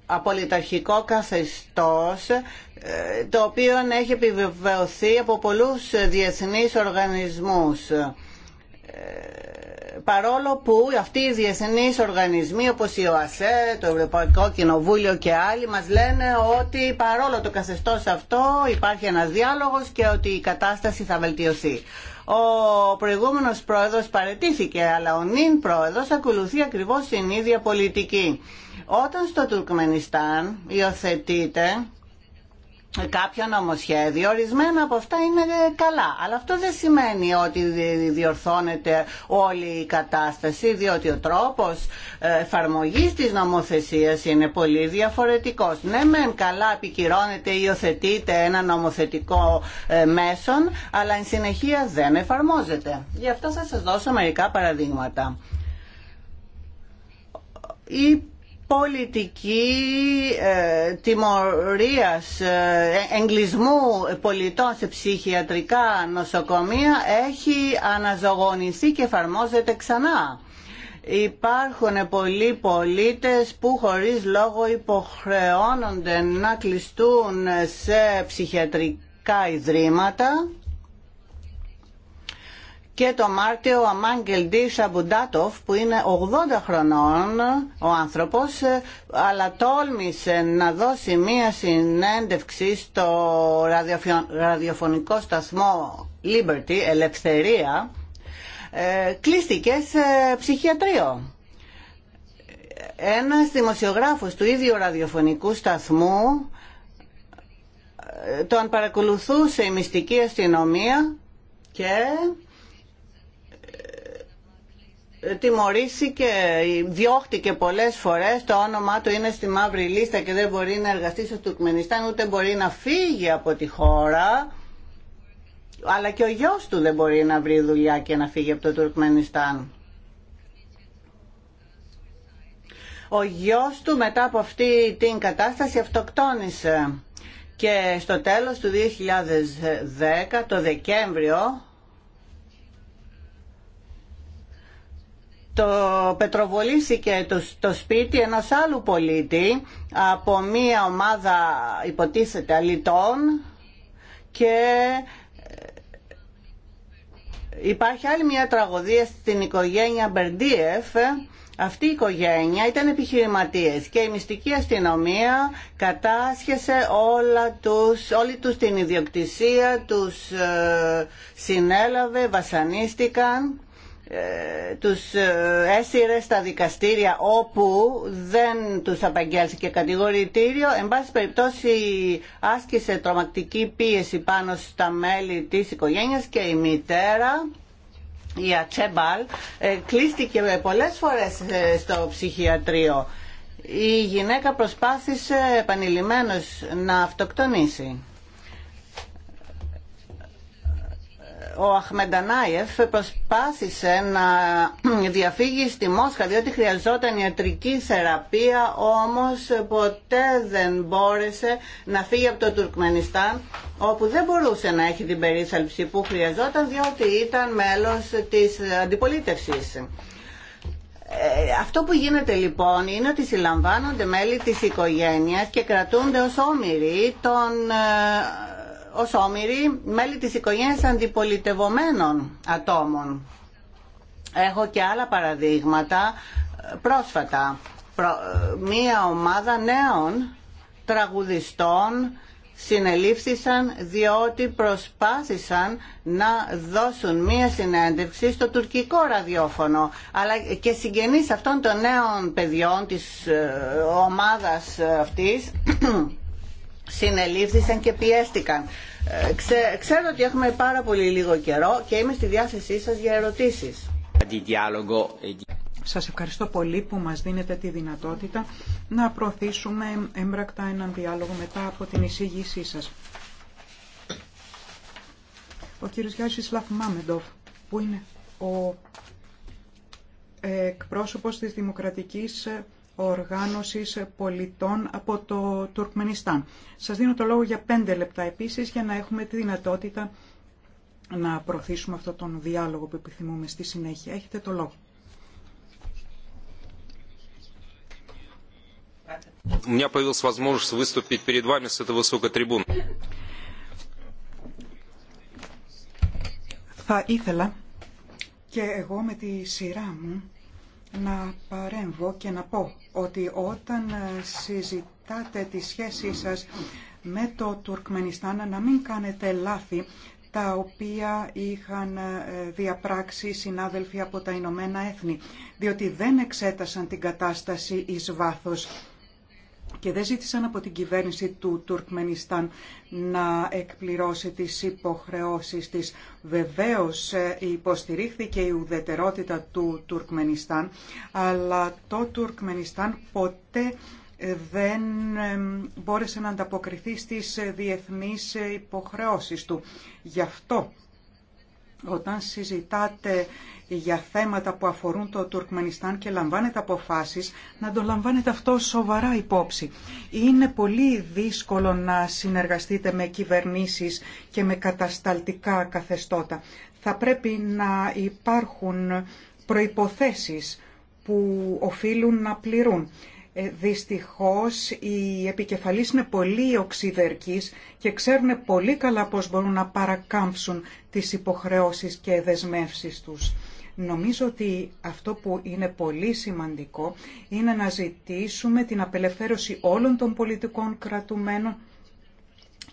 B: απολυταρχικό καθεστώς ε, το οποίο έχει επιβεβαιωθεί από πολλούς διεθνείς οργανισμούς ε, παρόλο που αυτοί οι διεθνείς οργανισμοί όπως η ΟΑΣΕ, το Ευρωπαϊκό Κοινοβούλιο και άλλοι μας λένε ότι παρόλο το καθεστώς αυτό υπάρχει ένας διάλογος και ότι η κατάσταση θα βελτιωθεί. Ο προηγούμενος πρόεδρος παρετήθηκε, αλλά ο νυν πρόεδρος ακολουθεί ακριβώς την ίδια πολιτική. Όταν στο Τουρκμενιστάν υιοθετείται κάποιο νομοσχέδιο. Ορισμένα από αυτά είναι ε, καλά. Αλλά αυτό δεν σημαίνει ότι διορθώνεται όλη η κατάσταση, διότι ο τρόπος ε, εφαρμογής της νομοθεσίας είναι πολύ διαφορετικός. Ναι, μεν καλά επικυρώνεται ή υιοθετείται ένα νομοθετικό ε, μέσον, αλλά εν συνεχεία δεν εφαρμόζεται. Γι' αυτό θα σας δώσω μερικά παραδείγματα. Η πολιτική ε, τιμωρίας, ε, εγκλισμού πολιτών σε ψυχιατρικά νοσοκομεία έχει αναζωογονηθεί και εφαρμόζεται ξανά. Υπάρχουν πολλοί πολίτες που χωρίς λόγο υποχρεώνονται να κλειστούν σε ψυχιατρικά ιδρύματα και το Μάρτιο ο Αμάγγελ που είναι 80 χρονών ο άνθρωπος ε, αλλά τόλμησε να δώσει μία συνέντευξη στο ραδιοφωνικό σταθμό Liberty, Ελευθερία ε, κλείστηκε σε ψυχιατρίο. Ένας δημοσιογράφος του ίδιου ραδιοφωνικού σταθμού ε, τον παρακολουθούσε η μυστική αστυνομία και τιμωρήθηκε, διώχτηκε πολλές φορές το όνομά του είναι στη μαύρη λίστα και δεν μπορεί να εργαστεί στο Τουρκμενιστάν ούτε μπορεί να φύγει από τη χώρα αλλά και ο γιος του δεν μπορεί να βρει δουλειά και να φύγει από το Τουρκμενιστάν ο γιος του μετά από αυτή την κατάσταση αυτοκτόνησε και στο τέλος του 2010 το Δεκέμβριο το πετροβολήθηκε το, το σπίτι ενός άλλου πολίτη από μία ομάδα υποτίθεται αλητών και ε, υπάρχει άλλη μια τραγωδία στην οικογένεια Μπερντίεφ αυτή η οικογένεια ήταν επιχειρηματίες και η μυστική αστυνομία κατάσχεσε όλα τους, όλη τους την ιδιοκτησία, τους ε, συνέλαβε, βασανίστηκαν ε, τους ε, έσυρε στα δικαστήρια όπου δεν τους απαγγέλθηκε κατηγορητήριο. Εν πάση περιπτώσει άσκησε τρομακτική πίεση πάνω στα μέλη της οικογένειας και η μητέρα η Ατσέμπαλ ε, κλείστηκε πολλές φορές στο ψυχιατρίο. Η γυναίκα προσπάθησε επανειλημμένως να αυτοκτονήσει. ο Αχμεντανάιεφ προσπάθησε να διαφύγει στη Μόσχα διότι χρειαζόταν ιατρική θεραπεία όμως ποτέ δεν μπόρεσε να φύγει από το Τουρκμενιστάν όπου δεν μπορούσε να έχει την περίθαλψη που χρειαζόταν διότι ήταν μέλος της αντιπολίτευσης. Ε, αυτό που γίνεται λοιπόν είναι ότι συλλαμβάνονται μέλη της οικογένειας και κρατούνται ως όμοιροι των ε, ως όμοιροι μέλη της οικογένειας αντιπολιτευομένων ατόμων. Έχω και άλλα παραδείγματα ε, πρόσφατα. Ε, μία ομάδα νέων τραγουδιστών συνελήφθησαν διότι προσπάθησαν να δώσουν μία συνέντευξη στο τουρκικό ραδιόφωνο αλλά και συγγενείς αυτών των νέων παιδιών της ε, ομάδας αυτής συνελήφθησαν και πιέστηκαν. Ε, ξέρω ότι έχουμε πάρα πολύ λίγο καιρό και είμαι στη διάθεσή σας για ερωτήσεις.
A: E
D: σας ευχαριστώ πολύ που μας δίνετε τη δυνατότητα να προωθήσουμε έμπρακτα έναν διάλογο μετά από την εισήγησή σας. Ο κύριος Γιάννης Λαφμάμεντοφ, που είναι ο ε, εκπρόσωπος της Δημοκρατικής οργάνωσης πολιτών από το Τουρκμενιστάν. Σας δίνω το λόγο για πέντε λεπτά επίσης για να έχουμε τη δυνατότητα να προωθήσουμε αυτόν τον διάλογο που επιθυμούμε στη συνέχεια. Έχετε το λόγο.
E: У меня появилась возможность выступить перед вами с этой высокой трибуны.
D: Θα ήθελα και εγώ με τη σειρά μου να παρέμβω και να πω ότι όταν ε, συζητάτε τη σχέση σας με το Τουρκμενιστάν να μην κάνετε λάθη τα οποία είχαν ε, διαπράξει συνάδελφοι από τα Ηνωμένα Έθνη, διότι δεν εξέτασαν την κατάσταση εις βάθος και δεν ζήτησαν από την κυβέρνηση του Τουρκμενιστάν να εκπληρώσει τις υποχρεώσεις της. Βεβαίως ε, υποστηρίχθηκε η ουδετερότητα του Τουρκμενιστάν, αλλά το Τουρκμενιστάν ποτέ ε, δεν ε, μπόρεσε να ανταποκριθεί στις διεθνείς υποχρεώσεις του. Γι' αυτό όταν συζητάτε για θέματα που αφορούν το Τουρκμενιστάν και λαμβάνετε αποφάσεις, να το λαμβάνετε αυτό σοβαρά υπόψη. Είναι πολύ δύσκολο να συνεργαστείτε με κυβερνήσεις και με κατασταλτικά καθεστώτα. Θα πρέπει να υπάρχουν προϋποθέσεις που οφείλουν να πληρούν. Ε, δυστυχώς οι επικεφαλής είναι πολύ οξυδερκείς και ξέρουν πολύ καλά πώς μπορούν να παρακάμψουν τις υποχρεώσεις και δεσμεύσεις τους. Νομίζω ότι αυτό που είναι πολύ σημαντικό είναι να ζητήσουμε την απελευθέρωση όλων των πολιτικών κρατουμένων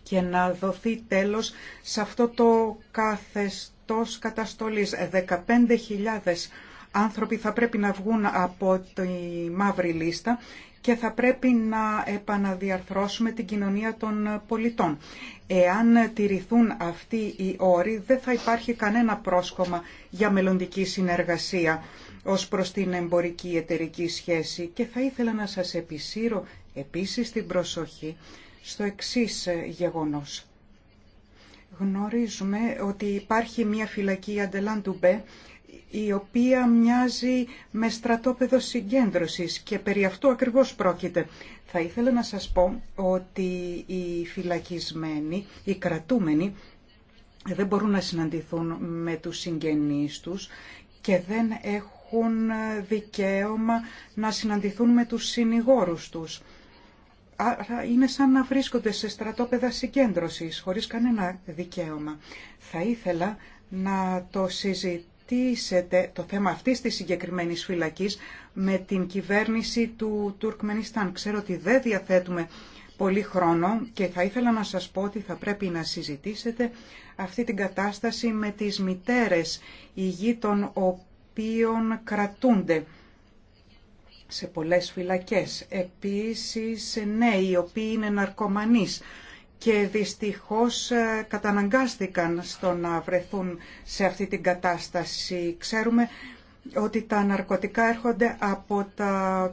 D: και να δοθεί τέλος σε αυτό το καθεστώς καταστολής. 15.000 ε, άνθρωποι θα πρέπει να βγουν από τη μαύρη λίστα και θα πρέπει να επαναδιαρθρώσουμε την κοινωνία των πολιτών. Εάν τηρηθούν αυτοί οι όροι, δεν θα υπάρχει κανένα πρόσκομα για μελλοντική συνεργασία ως προς την εμπορική εταιρική σχέση. Και θα ήθελα να σας επισύρω επίσης την προσοχή στο εξής γεγονός. Γνωρίζουμε ότι υπάρχει μια φυλακή Αντελάντου Μπέ η οποία μοιάζει με στρατόπεδο συγκέντρωσης και περί αυτού ακριβώς πρόκειται. Θα ήθελα να σας πω ότι οι φυλακισμένοι, οι κρατούμενοι, δεν μπορούν να συναντηθούν με τους συγγενείς τους και δεν έχουν δικαίωμα να συναντηθούν με τους συνηγόρους τους. Άρα είναι σαν να βρίσκονται σε στρατόπεδα συγκέντρωσης, χωρίς κανένα δικαίωμα. Θα ήθελα να το συζητήσω συζητήσετε το θέμα αυτής της συγκεκριμένης φυλακής με την κυβέρνηση του Τουρκμενιστάν. Ξέρω ότι δεν διαθέτουμε πολύ χρόνο και θα ήθελα να σας πω ότι θα πρέπει να συζητήσετε αυτή την κατάσταση με τις μητέρες υγιή των οποίων κρατούνται σε πολλές φυλακές. Επίσης νέοι οι οποίοι είναι ναρκωμανείς και δυστυχώς ε, καταναγκάστηκαν στο να βρεθούν σε αυτή την κατάσταση. Ξέρουμε ότι τα ναρκωτικά έρχονται από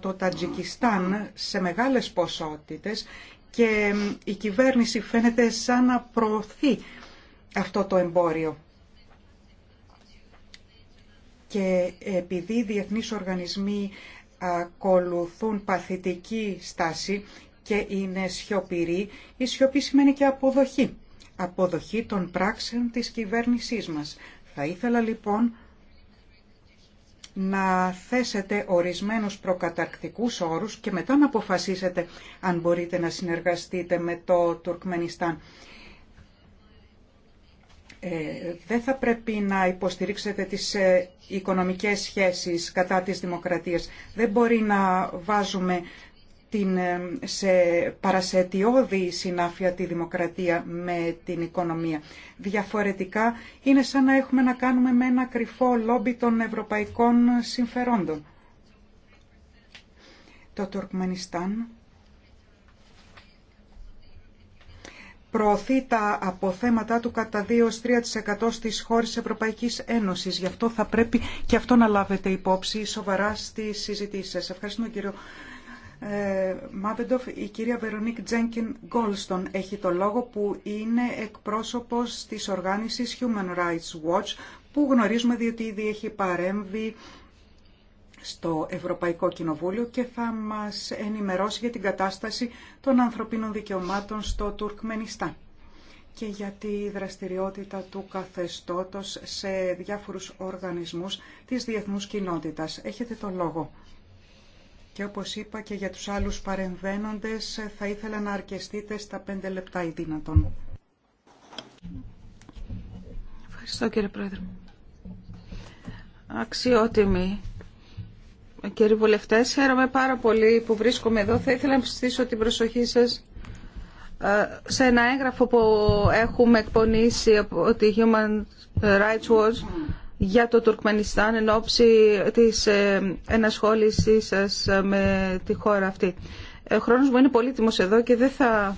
D: το Τατζικιστάν σε μεγάλες ποσότητες και η κυβέρνηση φαίνεται σαν να προωθεί αυτό το εμπόριο. Και επειδή οι διεθνείς οργανισμοί ακολουθούν παθητική στάση, και είναι σιωπηρή, η σιωπή σημαίνει και αποδοχή. Αποδοχή των πράξεων της κυβέρνησής μας. Θα ήθελα λοιπόν να θέσετε ορισμένους προκαταρκτικούς όρους και μετά να αποφασίσετε αν μπορείτε να συνεργαστείτε με το Τουρκμενιστάν. Ε, δεν θα πρέπει να υποστηρίξετε τις ε, οικονομικές σχέσεις κατά της δημοκρατίας. Δεν μπορεί να βάζουμε την, ε, σε παρασετιώδη συνάφεια τη δημοκρατία με την οικονομία. Διαφορετικά είναι σαν να έχουμε να κάνουμε με ένα κρυφό λόμπι των ευρωπαϊκών συμφερόντων. Το Τουρκμενιστάν προωθεί τα αποθέματα του κατά 2-3% στις χώρες Ευρωπαϊκής Ένωσης. Γι' αυτό θα πρέπει και αυτό να λάβετε υπόψη σοβαρά στις συζητήσεις σας. Ευχαριστούμε κύριο ε, Μάβεντοφ, η κυρία Βερονίκ Τζένκιν Γκόλστον έχει το λόγο που είναι εκπρόσωπος της οργάνωσης Human Rights Watch που γνωρίζουμε διότι ήδη έχει παρέμβει στο Ευρωπαϊκό Κοινοβούλιο και θα μας ενημερώσει για την κατάσταση των ανθρωπίνων δικαιωμάτων στο Τουρκμενιστάν και για τη δραστηριότητα του καθεστώτος σε διάφορους οργανισμούς της διεθνούς κοινότητας. Έχετε το λόγο. Και όπως είπα και για τους άλλους παρεμβαίνοντες, θα ήθελα να αρκεστείτε στα πέντε λεπτά ή δυνατόν.
C: Ευχαριστώ κύριε Πρόεδρε. Αξιότιμη. Κύριοι βουλευτές, χαίρομαι πάρα πολύ που βρίσκομαι εδώ. Θα ήθελα να πιστήσω την προσοχή σας ε, σε ένα έγγραφο που έχουμε εκπονήσει από τη Human Rights Watch για το Τουρκμενιστάν εν ώψη της ε, ενασχόλησής σας ε, με τη χώρα αυτή. Ε, ο χρόνος μου είναι πολύτιμος εδώ και δεν θα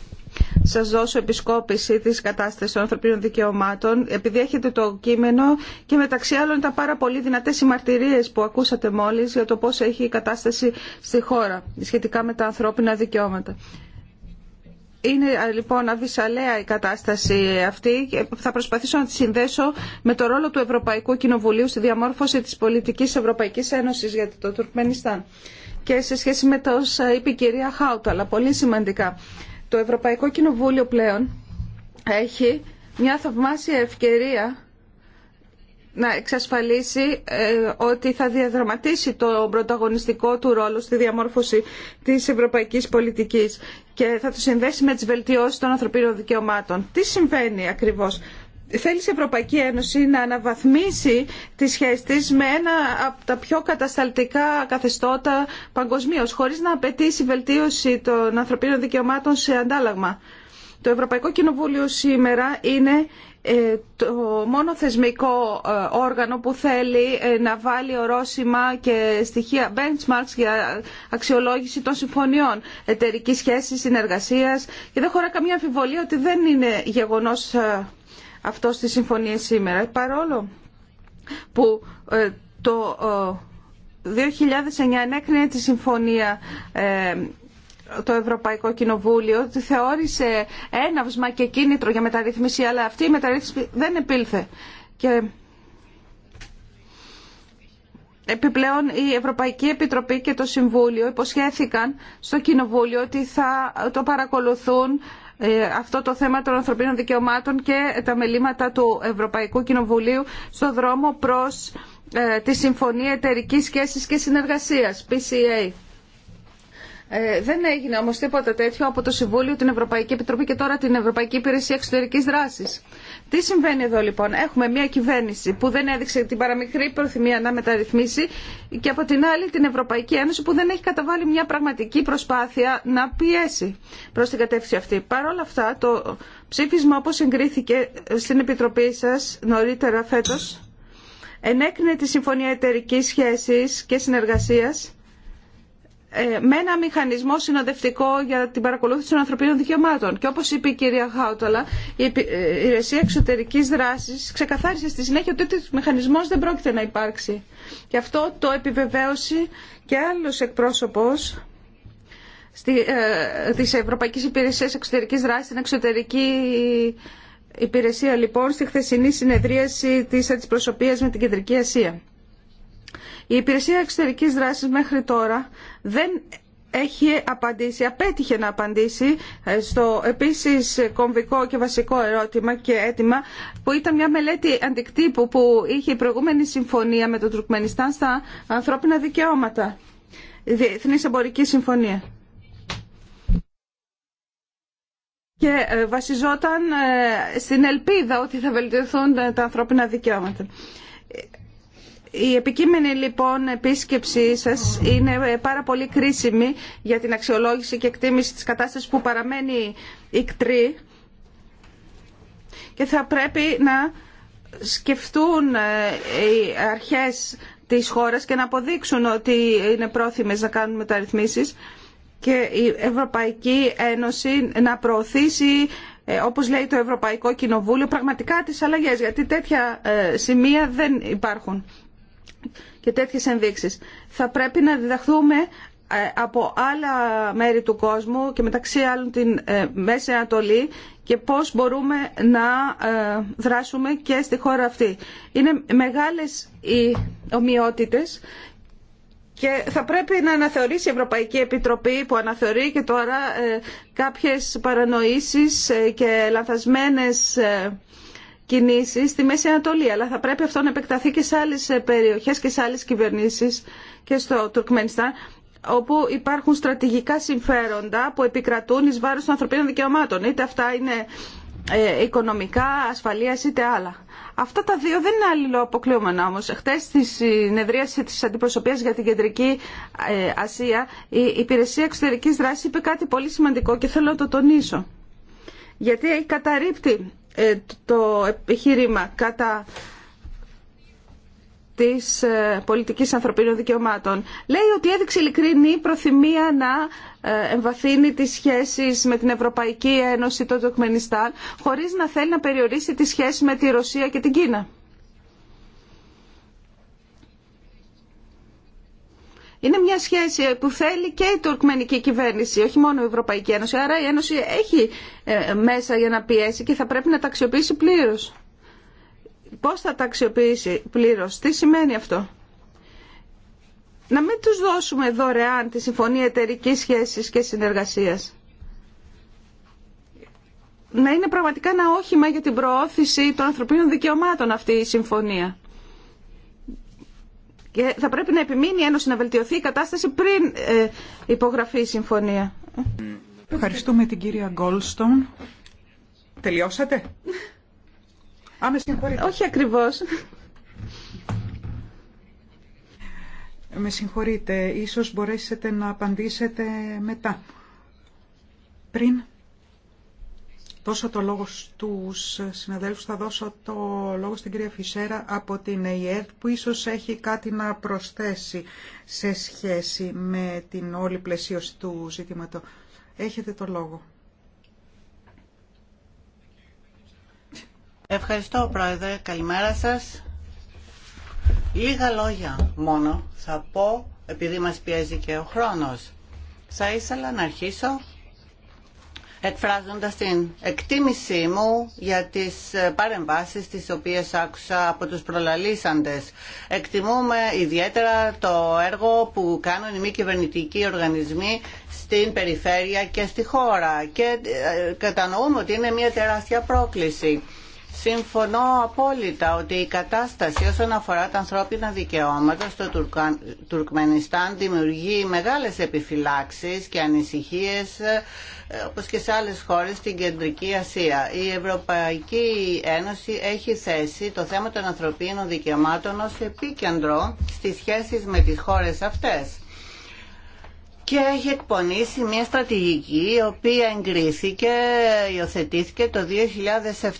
C: σας δώσω επισκόπηση της κατάστασης των ανθρωπίνων δικαιωμάτων επειδή έχετε το κείμενο και μεταξύ άλλων τα πάρα πολύ δυνατές συμμαρτυρίες που ακούσατε μόλις για το πώς έχει η κατάσταση στη χώρα σχετικά με τα ανθρώπινα δικαιώματα. Είναι λοιπόν αβυσαλαία η κατάσταση αυτή και θα προσπαθήσω να τη συνδέσω με το ρόλο του Ευρωπαϊκού Κοινοβουλίου στη διαμόρφωση της πολιτικής Ευρωπαϊκής Ένωσης για το Τουρκμενιστάν και σε σχέση με το όσα είπε η κυρία Χάουτα, αλλά πολύ σημαντικά. Το Ευρωπαϊκό Κοινοβούλιο πλέον έχει μια θαυμάσια ευκαιρία να εξασφαλίσει ε, ότι θα διαδραματίσει το πρωταγωνιστικό του ρόλο στη διαμόρφωση της ευρωπαϊκής πολιτικής και θα το συνδέσει με τις βελτιώσεις των ανθρωπίνων δικαιωμάτων. Τι συμβαίνει ακριβώς. Θέλει η Ευρωπαϊκή Ένωση να αναβαθμίσει τις σχέσεις της με ένα από τα πιο κατασταλτικά καθεστώτα παγκοσμίω, χωρίς να απαιτήσει βελτίωση των ανθρωπίνων δικαιωμάτων σε αντάλλαγμα. Το Ευρωπαϊκό Κοινοβούλιο σήμερα είναι ε, το μόνο θεσμικό ε, όργανο που θέλει ε, να βάλει ορόσημα και στοιχεία benchmarks για αξιολόγηση των συμφωνιών εταιρική σχέση, συνεργασία και δεν χωρά καμία αμφιβολία ότι δεν είναι γεγονός αυτό στη συμφωνία σήμερα. Παρόλο που το 2009 ενέκρινε τη συμφωνία το Ευρωπαϊκό Κοινοβούλιο θεώρησε έναυσμα και κίνητρο για μεταρρύθμιση, αλλά αυτή η μεταρρύθμιση δεν επήλθε. Και Επιπλέον η Ευρωπαϊκή Επιτροπή και το Συμβούλιο υποσχέθηκαν στο Κοινοβούλιο ότι θα το παρακολουθούν ε, αυτό το θέμα των ανθρωπίνων δικαιωμάτων και τα μελήματα του Ευρωπαϊκού Κοινοβουλίου στο δρόμο προς ε, τη Συμφωνία Εταιρικής Σχέσης και Συνεργασίας, PCA. Ε, δεν έγινε όμω τίποτα τέτοιο από το Συμβούλιο, την Ευρωπαϊκή Επιτροπή και τώρα την Ευρωπαϊκή Υπηρεσία Εξωτερική δράση. Τι συμβαίνει εδώ λοιπόν. Έχουμε μια κυβέρνηση που δεν έδειξε την παραμικρή προθυμία να μεταρρυθμίσει και από την άλλη την Ευρωπαϊκή Ένωση που δεν έχει καταβάλει μια πραγματική προσπάθεια να πιέσει προ την κατεύθυνση αυτή. Παρ' όλα αυτά το ψήφισμα όπω εγκρίθηκε στην Επιτροπή σα νωρίτερα φέτο ενέκρινε τη Συμφωνία εταιρική σχέση και συνεργασία. Ε, με ένα μηχανισμό συνοδευτικό για την παρακολούθηση των ανθρωπίνων δικαιωμάτων. Και όπως είπε η κυρία Χάουταλα, η ε, Υπηρεσία Εξωτερικής δράση ξεκαθάρισε στη συνέχεια ότι ο μηχανισμό δεν πρόκειται να υπάρξει. Και αυτό το επιβεβαίωσε και άλλος εκπρόσωπος τη ε, Ευρωπαϊκή Υπηρεσία Εξωτερική δράση στην εξωτερική υπηρεσία λοιπόν στη χθεσινή συνεδρίαση τη αντιπροσωπεία με την Κεντρική Ασία. Η υπηρεσία εξωτερικής δράσης μέχρι τώρα δεν έχει απαντήσει, απέτυχε να απαντήσει ε, στο επίσης κομβικό και βασικό ερώτημα και αίτημα που ήταν μια μελέτη αντικτύπου που είχε η προηγούμενη συμφωνία με τον Τουρκμενιστάν στα ανθρώπινα δικαιώματα. Διεθνής Εμπορική Συμφωνία. Και ε, βασιζόταν ε, στην ελπίδα ότι θα βελτιωθούν τα ανθρώπινα δικαιώματα. Η επικείμενη λοιπόν επίσκεψή σας είναι πάρα πολύ κρίσιμη για την αξιολόγηση και εκτίμηση της κατάστασης που παραμένει ικτρή και θα πρέπει να σκεφτούν ε, οι αρχές της χώρας και να αποδείξουν ότι είναι πρόθυμες να κάνουν μεταρρυθμίσεις και η Ευρωπαϊκή Ένωση να προωθήσει ε, όπως λέει το Ευρωπαϊκό Κοινοβούλιο πραγματικά τις αλλαγές γιατί τέτοια ε, σημεία δεν υπάρχουν και τέτοιες ενδείξεις. Θα πρέπει να διδαχθούμε ε, από άλλα μέρη του κόσμου και μεταξύ άλλων την ε, Μέση Ανατολή και πώς μπορούμε να ε, δράσουμε και στη χώρα αυτή. Είναι μεγάλες οι ομοιότητες και θα πρέπει να αναθεωρήσει η Ευρωπαϊκή Επιτροπή που αναθεωρεί και τώρα κάποιες παρανοήσεις και λανθασμένες στη Μέση Ανατολή, αλλά θα πρέπει αυτό να επεκταθεί και σε άλλε περιοχέ και σε άλλε κυβερνήσει και στο Τουρκμενιστάν, όπου υπάρχουν στρατηγικά συμφέροντα που επικρατούν εις βάρος των ανθρωπίνων δικαιωμάτων. Είτε αυτά είναι ε, οικονομικά, ασφαλεία είτε άλλα. Αυτά τα δύο δεν είναι αλληλοαποκλείωμενα όμω. Χθε στη συνεδρίαση τη Αντιπροσωπεία για την Κεντρική ε, Ασία, η Υπηρεσία Εξωτερική Δράση είπε κάτι πολύ σημαντικό και θέλω να το τονίσω. Γιατί καταρρύπτει ε, το επιχείρημα κατά της ε, πολιτικής ανθρωπίνων δικαιωμάτων. Λέει ότι έδειξε ειλικρινή προθυμία να ε, εμβαθύνει τις σχέσεις με την Ευρωπαϊκή Ένωση, το Τουρκμενιστάν, χωρίς να θέλει να περιορίσει τις σχέσεις με τη Ρωσία και την Κίνα. Είναι μια σχέση που θέλει και η τουρκμενική κυβέρνηση, όχι μόνο η Ευρωπαϊκή Ένωση. Άρα η Ένωση έχει ε, μέσα για να πιέσει και θα πρέπει να τα αξιοποιήσει πλήρως. Πώς θα τα αξιοποιήσει πλήρως, τι σημαίνει αυτό. Να μην τους δώσουμε δωρεάν τη Συμφωνία εταιρική Σχέσης και Συνεργασίας. Να είναι πραγματικά ένα όχημα για την προώθηση των ανθρωπίνων δικαιωμάτων αυτή η συμφωνία. Και θα πρέπει να επιμείνει η Ένωση να βελτιωθεί η κατάσταση πριν ε, υπογραφεί η συμφωνία. Ευχαριστούμε την κυρία Γκόλστον.
D: Τελειώσατε. Άμεση Όχι ακριβώς. Με συγχωρείτε, ίσως μπορέσετε να απαντήσετε μετά. Πριν δώσω το λόγο στους συναδέλφους, θα δώσω το λόγο στην κυρία Φυσέρα από την ΕΙΕΔ που ίσως έχει κάτι να προσθέσει σε σχέση με την όλη πλαισίωση του ζητήματο. Έχετε το λόγο.
B: Ευχαριστώ Πρόεδρε, καλημέρα σας. Λίγα λόγια μόνο θα πω επειδή μας πιέζει και ο χρόνος. Θα ήθελα να αρχίσω εκφράζοντας την εκτίμησή μου για τις ε, παρεμβάσεις τις οποίες άκουσα από τους προλαλήσαντες. Εκτιμούμε ιδιαίτερα το έργο που κάνουν οι μη κυβερνητικοί οργανισμοί στην περιφέρεια και στη χώρα και ε, κατανοούμε ότι είναι μια τεράστια πρόκληση. Συμφωνώ απόλυτα ότι η κατάσταση όσον αφορά τα ανθρώπινα δικαιώματα στο Τουρκμενιστάν δημιουργεί μεγάλες επιφυλάξεις και ανησυχίες ε, όπως και σε άλλες χώρες στην Κεντρική Ασία. Η Ευρωπαϊκή Ένωση έχει θέσει το θέμα των ανθρωπίνων δικαιωμάτων ως επίκεντρο στις σχέσεις με τις χώρες αυτές και έχει εκπονήσει μια στρατηγική η οποία εγκρίθηκε, υιοθετήθηκε το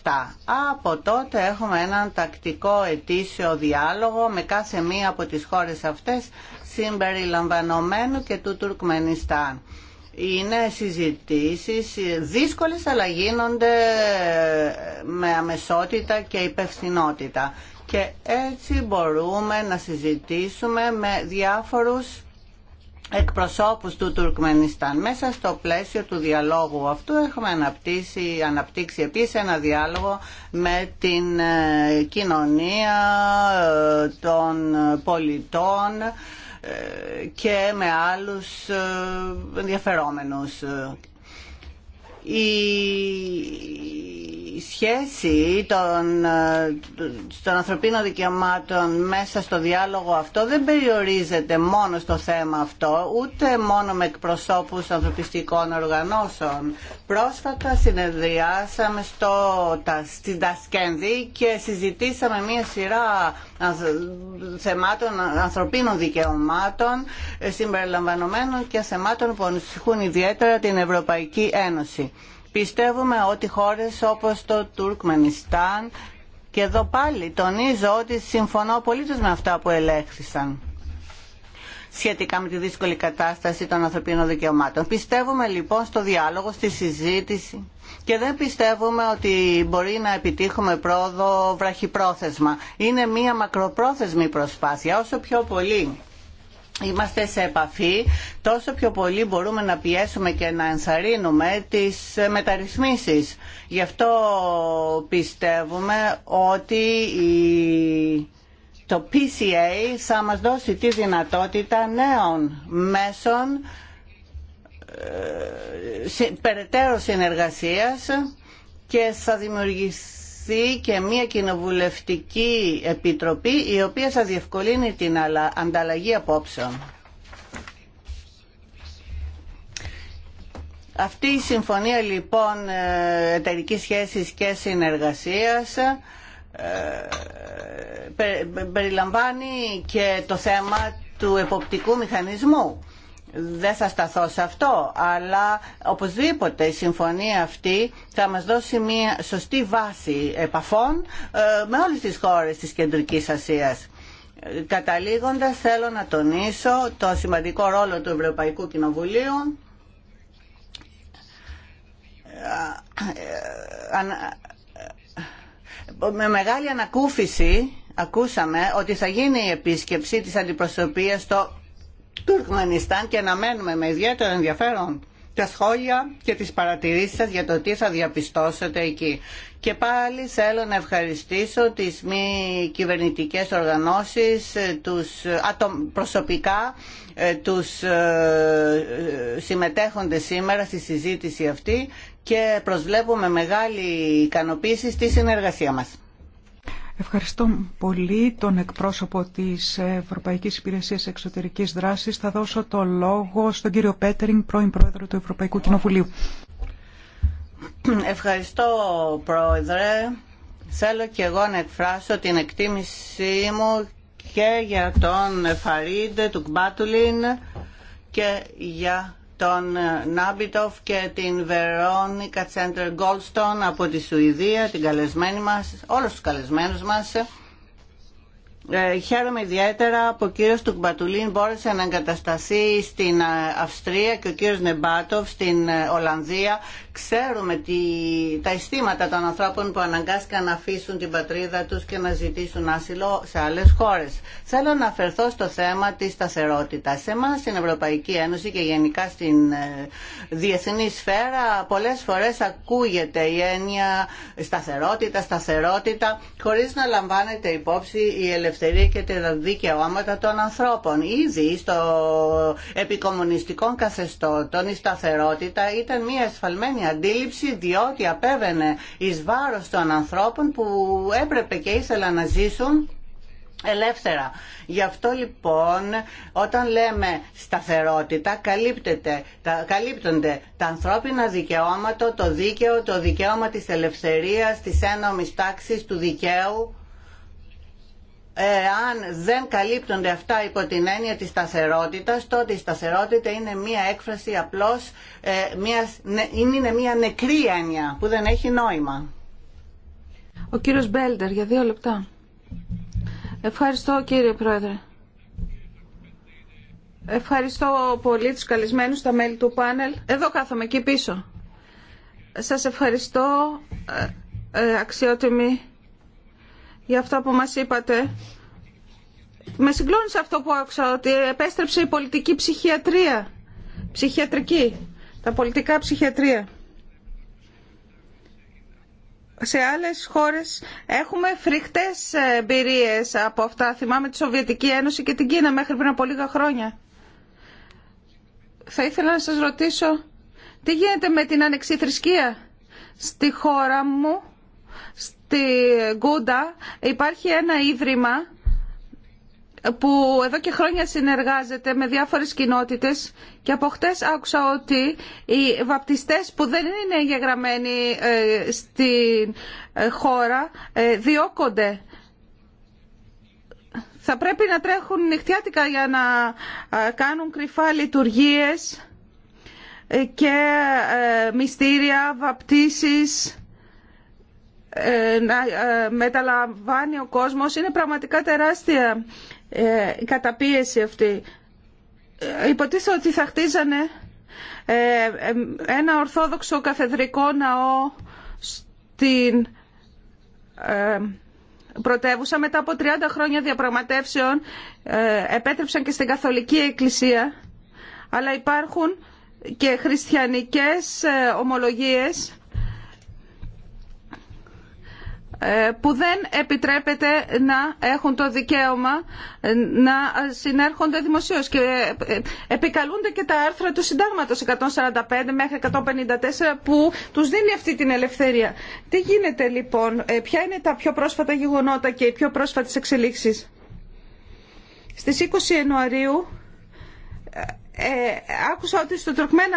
B: 2007. Από τότε έχουμε έναν τακτικό ετήσιο διάλογο με κάθε μία από τις χώρες αυτές συμπεριλαμβανομένου και του Τουρκμενιστάν. Είναι συζητήσεις δύσκολες αλλά γίνονται με αμεσότητα και υπευθυνότητα. Και έτσι μπορούμε να συζητήσουμε με διάφορους εκπροσώπους του Τουρκμενιστάν. Μέσα στο πλαίσιο του διαλόγου αυτού έχουμε αναπτύξει, αναπτύξει επίσης ένα διάλογο με την ε, κοινωνία ε, των πολιτών ε, και με άλλους ενδιαφερόμενους η σχέση των, ε, των ανθρωπίνων δικαιωμάτων μέσα στο διάλογο αυτό δεν περιορίζεται μόνο στο θέμα αυτό, ούτε μόνο με εκπροσώπους ανθρωπιστικών οργανώσεων. Πρόσφατα συνεδριάσαμε στο, τα, στην Τασκένδη και συζητήσαμε μία σειρά θεμάτων ανθρωπίνων δικαιωμάτων ε, συμπεριλαμβανομένων και θεμάτων που ανησυχούν ιδιαίτερα την Ευρωπαϊκή Ένωση. Πιστεύουμε ότι χώρες όπως το Τουρκμενιστάν και εδώ πάλι τονίζω ότι συμφωνώ πολύ με αυτά που ελέγχθησαν σχετικά με τη δύσκολη κατάσταση των ανθρωπίνων δικαιωμάτων. Πιστεύουμε λοιπόν στο διάλογο, στη συζήτηση και δεν πιστεύουμε ότι μπορεί να επιτύχουμε πρόοδο βραχυπρόθεσμα. Είναι μία μακροπρόθεσμη προσπάθεια. Όσο πιο πολύ Είμαστε σε επαφή, τόσο πιο πολύ μπορούμε να πιέσουμε και να ενσαρρύνουμε τις μεταρρυθμίσεις. Γι' αυτό πιστεύουμε ότι το PCA θα μας δώσει τη δυνατότητα νέων μέσων ε, περαιτέρω συνεργασίας και θα δημιουργήσει και μια κοινοβουλευτική επιτροπή η οποία θα διευκολύνει την ανταλλαγή απόψεων. Αυτή η συμφωνία λοιπόν ε, εταιρικής σχέσης και συνεργασίας ε, περιλαμβάνει και το θέμα του εποπτικού μηχανισμού δεν θα σταθώ σε αυτό, αλλά οπωσδήποτε η συμφωνία αυτή θα μας δώσει μια σωστή βάση επαφών ε, με όλες τις χώρες της Κεντρικής Ασίας. Καταλήγοντας θέλω να τονίσω το σημαντικό ρόλο του Ευρωπαϊκού Κοινοβουλίου ε, ε, με μεγάλη ανακούφιση ακούσαμε ότι θα γίνει η επίσκεψη της αντιπροσωπείας στο Τουρκμενιστάν και αναμένουμε με ιδιαίτερο ενδιαφέρον τα σχόλια και τις παρατηρήσεις σας για το τι θα διαπιστώσετε εκεί. Και πάλι θέλω να ευχαριστήσω τις μη κυβερνητικές οργανώσεις, τους προσωπικά ε, τους ε, συμμετέχοντες σήμερα στη συζήτηση αυτή και προσβλέπουμε μεγάλη ικανοποίηση στη συνεργασία μας.
D: Ευχαριστώ πολύ τον εκπρόσωπο της Ευρωπαϊκής Υπηρεσίας Εξωτερικής Δράσης. Θα δώσω το λόγο στον κύριο Πέτερινγκ, πρώην Πρόεδρο του Ευρωπαϊκού Κοινοβουλίου.
B: Ευχαριστώ Πρόεδρε. Θέλω και εγώ να εκφράσω την εκτίμησή μου και για τον Φαρίντε του Κμπάτουλιν και για τον ε, Νάμπιτοφ και την Βερόνικα Τσέντερ Γκόλστον από τη Σουηδία, την καλεσμένη μας, όλους τους καλεσμένους μας ε, χαίρομαι ιδιαίτερα που ο κύριος Τουκμπατουλίν μπόρεσε να εγκατασταθεί στην ε, Αυστρία και ο κύριος Νεμπάτοφ στην ε, Ολλανδία. Ξέρουμε τι, τα αισθήματα των ανθρώπων που αναγκάστηκαν να αφήσουν την πατρίδα τους και να ζητήσουν άσυλο σε άλλες χώρες. Θέλω να αφαιρθώ στο θέμα της σταθερότητας. Σε εμάς στην Ευρωπαϊκή Ένωση και γενικά στην διεθνή σφαίρα πολλές φορές ακούγεται η έννοια σταθερότητα, σταθερότητα, χωρίς να λαμβάνεται υπόψη η ελευθερία ελευθερία και τα δικαιώματα των ανθρώπων. Ήδη στο επικομμουνιστικό καθεστώτων η σταθερότητα ήταν μια εσφαλμένη αντίληψη διότι απέβαινε εις βάρος των ανθρώπων που έπρεπε και ήθελαν να ζήσουν ελεύθερα. Γι' αυτό λοιπόν όταν λέμε σταθερότητα τα, καλύπτονται τα ανθρώπινα δικαιώματα, το δίκαιο, το δικαίωμα της ελευθερίας, της ένομης τάξης, του δικαίου αν δεν καλύπτονται αυτά υπό την έννοια της σταθερότητας, τότε η σταθερότητα είναι μία έκφραση απλώς, ε, μιας, είναι μία νεκρή έννοια που δεν έχει
C: νόημα. Ο κύριος Μπέλτερ, για δύο λεπτά. Ευχαριστώ κύριε Πρόεδρε. Ευχαριστώ πολύ τους καλεσμένους, τα μέλη του πάνελ. Εδώ κάθομαι, εκεί πίσω. Σας ευχαριστώ, ε, ε, αξιότιμοι για αυτό που μας είπατε. Με σε αυτό που άκουσα, ότι επέστρεψε η πολιτική ψυχιατρία. Ψυχιατρική. Τα πολιτικά ψυχιατρία. Σε άλλες χώρες έχουμε φρικτές εμπειρίε από αυτά. Θυμάμαι τη Σοβιετική Ένωση και την Κίνα μέχρι πριν από λίγα χρόνια. Θα ήθελα να σας ρωτήσω, τι γίνεται με την ανεξιθρησκεία στη χώρα μου στη Γκούντα υπάρχει ένα ίδρυμα που εδώ και χρόνια συνεργάζεται με διάφορες κοινότητες και από χτες άκουσα ότι οι βαπτιστές που δεν είναι εγγεγραμμένοι ε, στην ε, χώρα ε, διώκονται. Θα πρέπει να τρέχουν νυχτιάτικα για να κάνουν κρυφά λειτουργίες και μυστήρια, βαπτίσεις ε, να ε, μεταλαμβάνει ο κόσμος. Είναι πραγματικά τεράστια ε, η καταπίεση αυτή. Υποτίθεται ότι θα χτίζανε ένα ορθόδοξο καθεδρικό ναό στην πρωτεύουσα. Μετά από 30 χρόνια διαπραγματεύσεων επέτρεψαν και στην Καθολική Εκκλησία. Αλλά υπάρχουν και χριστιανικές ομολογίες ε, που δεν επιτρέπεται να έχουν το δικαίωμα ε, να συνέρχονται δημοσίως και ε, επικαλούνται και τα άρθρα του συντάγματος 145 μέχρι 154 που τους δίνει αυτή την ελευθερία. Τι γίνεται λοιπόν, ποια είναι τα πιο πρόσφατα γεγονότα και οι πιο πρόσφατες εξελίξεις. Στις 20 Ιανουαρίου άκουσα ότι στο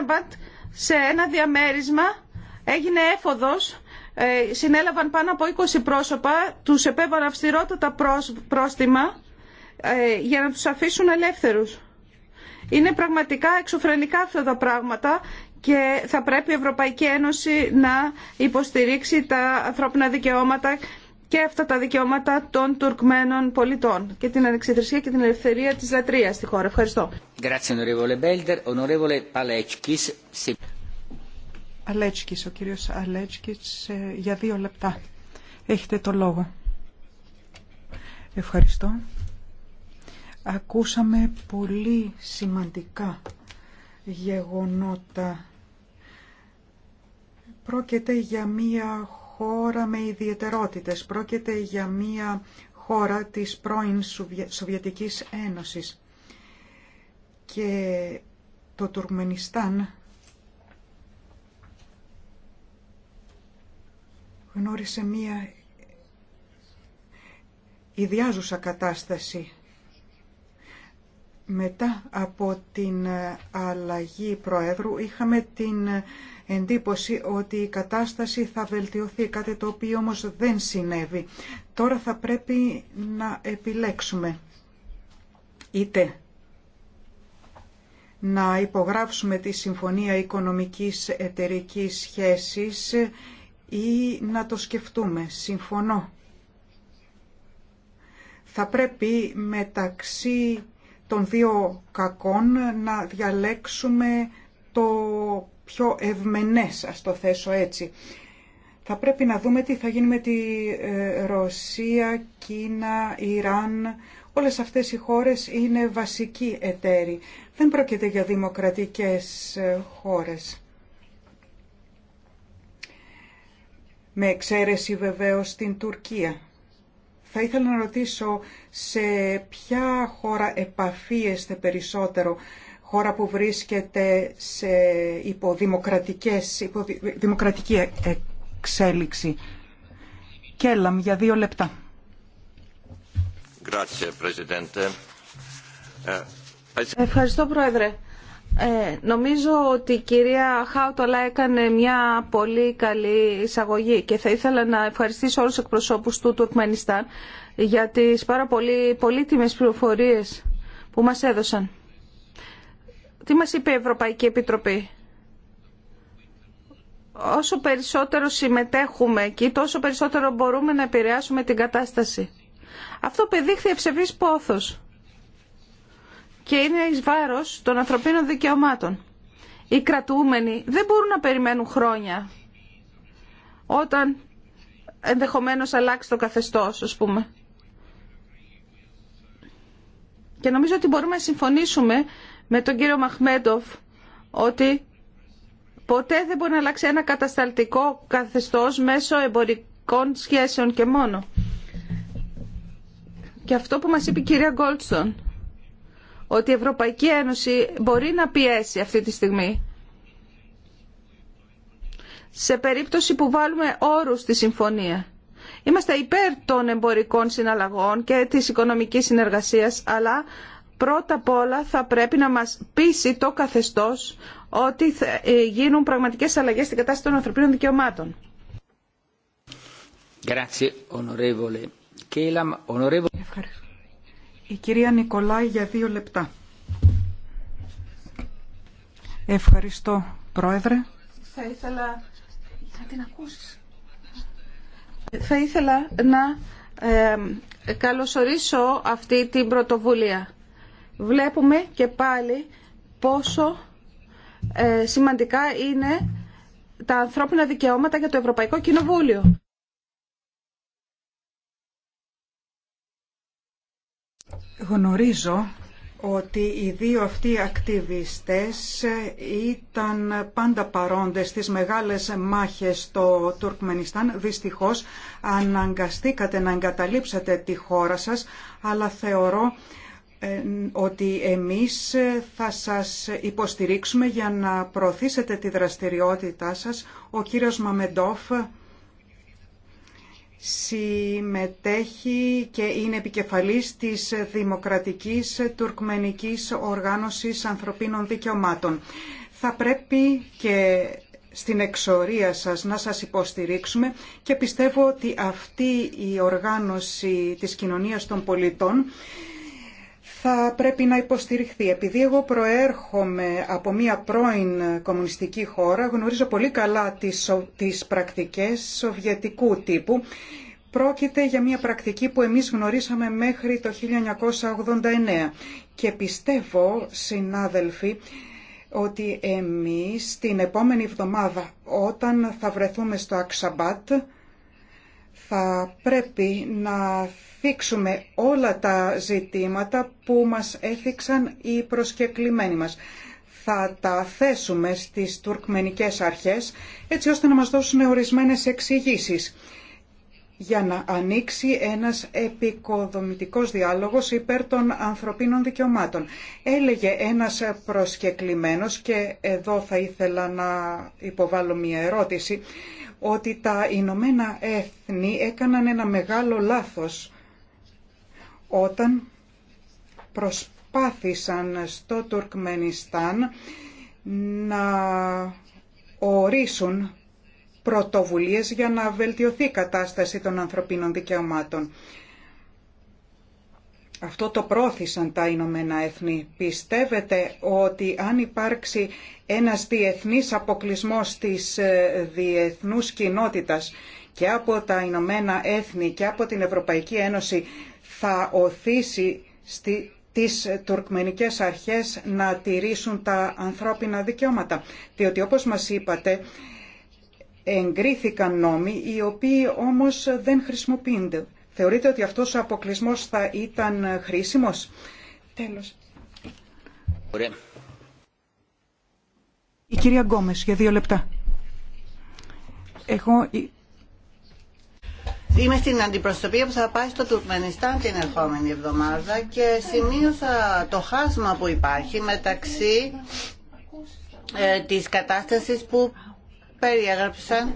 C: Μπαντ σε ένα διαμέρισμα έγινε έφοδος ε, συνέλαβαν πάνω από 20 πρόσωπα, τους επέβαλαν αυστηρότατα πρόστιμα ε, για να τους αφήσουν ελεύθερους. Είναι πραγματικά εξωφρενικά αυτά τα πράγματα και θα πρέπει η Ευρωπαϊκή Ένωση να υποστηρίξει τα ανθρώπινα δικαιώματα και αυτά τα δικαιώματα των Τουρκμένων πολιτών και την ανεξιδρυσία και την ελευθερία της λατρείας στη χώρα. Ευχαριστώ. Αλέτσκης, ο κύριος Αλέτσκης,
D: ε, για δύο λεπτά. Έχετε το λόγο. Ευχαριστώ. Ακούσαμε πολύ σημαντικά γεγονότα. Πρόκειται για μία χώρα με ιδιαιτερότητες. Πρόκειται για μία χώρα της πρώην Σοβιετικής Ένωσης. Και το Τουρκμενιστάν γνώρισε μία ιδιάζουσα κατάσταση μετά από την αλλαγή Προέδρου είχαμε την εντύπωση ότι η κατάσταση θα βελτιωθεί, κάτι το οποίο όμως δεν συνέβη. Τώρα θα πρέπει να επιλέξουμε είτε να υπογράψουμε τη Συμφωνία Οικονομικής Εταιρικής Σχέσης ή να το σκεφτούμε. Συμφωνώ. Θα πρέπει μεταξύ των δύο κακών να διαλέξουμε το πιο ευμενές, ας το θέσω έτσι. Θα πρέπει να δούμε τι θα γίνει με τη ε, Ρωσία, Κίνα, Ιράν. Όλες αυτές οι χώρες είναι βασικοί εταίροι. Δεν πρόκειται για δημοκρατικές ε, χώρες. με εξαίρεση βεβαίως στην Τουρκία. Θα ήθελα να ρωτήσω σε ποια χώρα επαφίεστε περισσότερο, χώρα που βρίσκεται σε υποδημοκρατικές, υποδημοκρατική εξέλιξη. Κέλαμ για δύο λεπτά.
E: Ε,
C: Ευχαριστώ Πρόεδρε. Ε, νομίζω ότι η κυρία Χάουτολα έκανε μια πολύ καλή εισαγωγή και θα ήθελα να ευχαριστήσω όλους τους εκπροσώπους του Τουρκμενιστάν για τις πάρα πολύ πολύτιμες πληροφορίες που μας έδωσαν. Τι μας είπε η Ευρωπαϊκή Επιτροπή. Όσο περισσότερο συμμετέχουμε εκεί, τόσο περισσότερο μπορούμε να επηρεάσουμε την κατάσταση. Αυτό πεδείχθη ευσεβής πόθος και είναι εις βάρος των ανθρωπίνων δικαιωμάτων. Οι κρατούμενοι δεν μπορούν να περιμένουν χρόνια όταν ενδεχομένως αλλάξει το καθεστώς, ας πούμε. Και νομίζω ότι μπορούμε να συμφωνήσουμε με τον κύριο Μαχμέντοφ ότι ποτέ δεν μπορεί να αλλάξει ένα κατασταλτικό καθεστώς μέσω εμπορικών σχέσεων και μόνο. Και αυτό που μας είπε η κυρία Γκόλτστον, ότι η Ευρωπαϊκή Ένωση μπορεί να πιέσει αυτή τη στιγμή σε περίπτωση που βάλουμε όρους στη συμφωνία. Είμαστε υπέρ των εμπορικών συναλλαγών και της οικονομικής συνεργασίας, αλλά πρώτα απ' όλα θα πρέπει να μας πείσει το καθεστώς ότι ε, γίνουν πραγματικές αλλαγές στην κατάσταση των ανθρωπίνων δικαιωμάτων.
D: Η κυρία Νικολάη για δύο λεπτά.
C: Ευχαριστώ, Πρόεδρε. Θα ήθελα να την ακούσεις. Θα ήθελα να καλωσορίσω αυτή την πρωτοβουλία. Βλέπουμε και πάλι πόσο ε, σημαντικά είναι τα ανθρώπινα δικαιώματα για το Ευρωπαϊκό Κοινοβούλιο.
D: Γνωρίζω ότι οι δύο αυτοί ακτιβιστές ήταν πάντα παρόντες στις μεγάλες μάχες στο Τουρκμενιστάν. Δυστυχώς αναγκαστήκατε να εγκαταλείψετε τη χώρα σας, αλλά θεωρώ ε, ότι εμείς θα σας υποστηρίξουμε για να προωθήσετε τη δραστηριότητά σας. Ο κύριος Μαμεντόφ συμμετέχει και είναι επικεφαλής της Δημοκρατικής Τουρκμενικής Οργάνωσης Ανθρωπίνων Δικαιωμάτων. Θα πρέπει και στην εξορία σας να σας υποστηρίξουμε και πιστεύω ότι αυτή η οργάνωση της κοινωνίας των πολιτών θα πρέπει να υποστηριχθεί. Επειδή εγώ προέρχομαι από μια πρώην κομμουνιστική χώρα, γνωρίζω πολύ καλά τις, τις πρακτικές σοβιετικού τύπου. Πρόκειται για μια πρακτική που εμείς γνωρίσαμε μέχρι το 1989 και πιστεύω, συνάδελφοι, ότι εμείς την επόμενη εβδομάδα όταν θα βρεθούμε στο Αξαμπάτ θα πρέπει να θίξουμε όλα τα ζητήματα που μας έθιξαν οι προσκεκλημένοι μας. Θα τα θέσουμε στις τουρκμενικές αρχές έτσι ώστε να μας δώσουν ορισμένες εξηγήσεις για να ανοίξει ένας επικοδομητικός διάλογος υπέρ των ανθρωπίνων δικαιωμάτων. Έλεγε ένας προσκεκλημένος και εδώ θα ήθελα να υποβάλω μια ερώτηση ότι τα Ηνωμένα Έθνη έκαναν ένα μεγάλο λάθος όταν προσπάθησαν στο Τουρκμενιστάν να ορίσουν πρωτοβουλίες για να βελτιωθεί η κατάσταση των ανθρωπίνων δικαιωμάτων. Αυτό το πρόθυσαν τα Ηνωμένα Έθνη. Πιστεύετε ότι αν υπάρξει ένας διεθνής αποκλισμός της ε, διεθνούς κοινότητας και από τα Ηνωμένα Έθνη και από την Ευρωπαϊκή Ένωση θα οθήσει στη, τις τουρκμενικές αρχές να τηρήσουν τα ανθρώπινα δικαιώματα. Διότι όπως μας είπατε εγκρίθηκαν νόμοι οι οποίοι όμως δεν χρησιμοποιούνται. Θεωρείτε ότι αυτός ο αποκλεισμός θα ήταν χρήσιμος. Τέλος. Ωραία. Η κυρία Γκόμες για δύο λεπτά. Έχω...
B: Είμαι στην αντιπροσωπεία που θα πάει στο Τουρκμενιστάν την ερχόμενη εβδομάδα και σημείωσα το χάσμα που υπάρχει μεταξύ ε, της κατάστασης που περιέγραψαν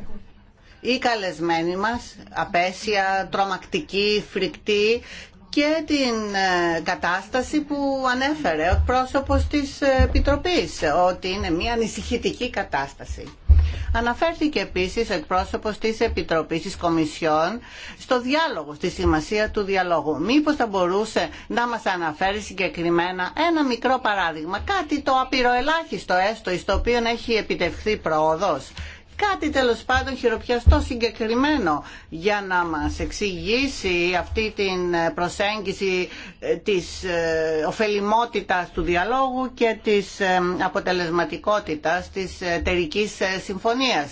B: οι καλεσμένοι μας, απέσια, τρομακτική, φρικτή και την ε, κατάσταση που ανέφερε ο πρόσωπος της Επιτροπής, ότι είναι μια ανησυχητική κατάσταση. Αναφέρθηκε επίσης εκπρόσωπος της Επιτροπής της Κομισιόν στο διάλογο, στη σημασία του διαλόγου. Μήπως θα μπορούσε να μας αναφέρει συγκεκριμένα ένα μικρό παράδειγμα, κάτι το απειροελάχιστο έστω, στο οποίο έχει επιτευχθεί πρόοδος κάτι τέλος πάντων χειροπιαστό συγκεκριμένο για να μας εξηγήσει αυτή την ε, προσέγγιση ε, της ε, ωφελημότητας του διαλόγου και της αποτελεσματικότητας της εταιρική συμφωνίας.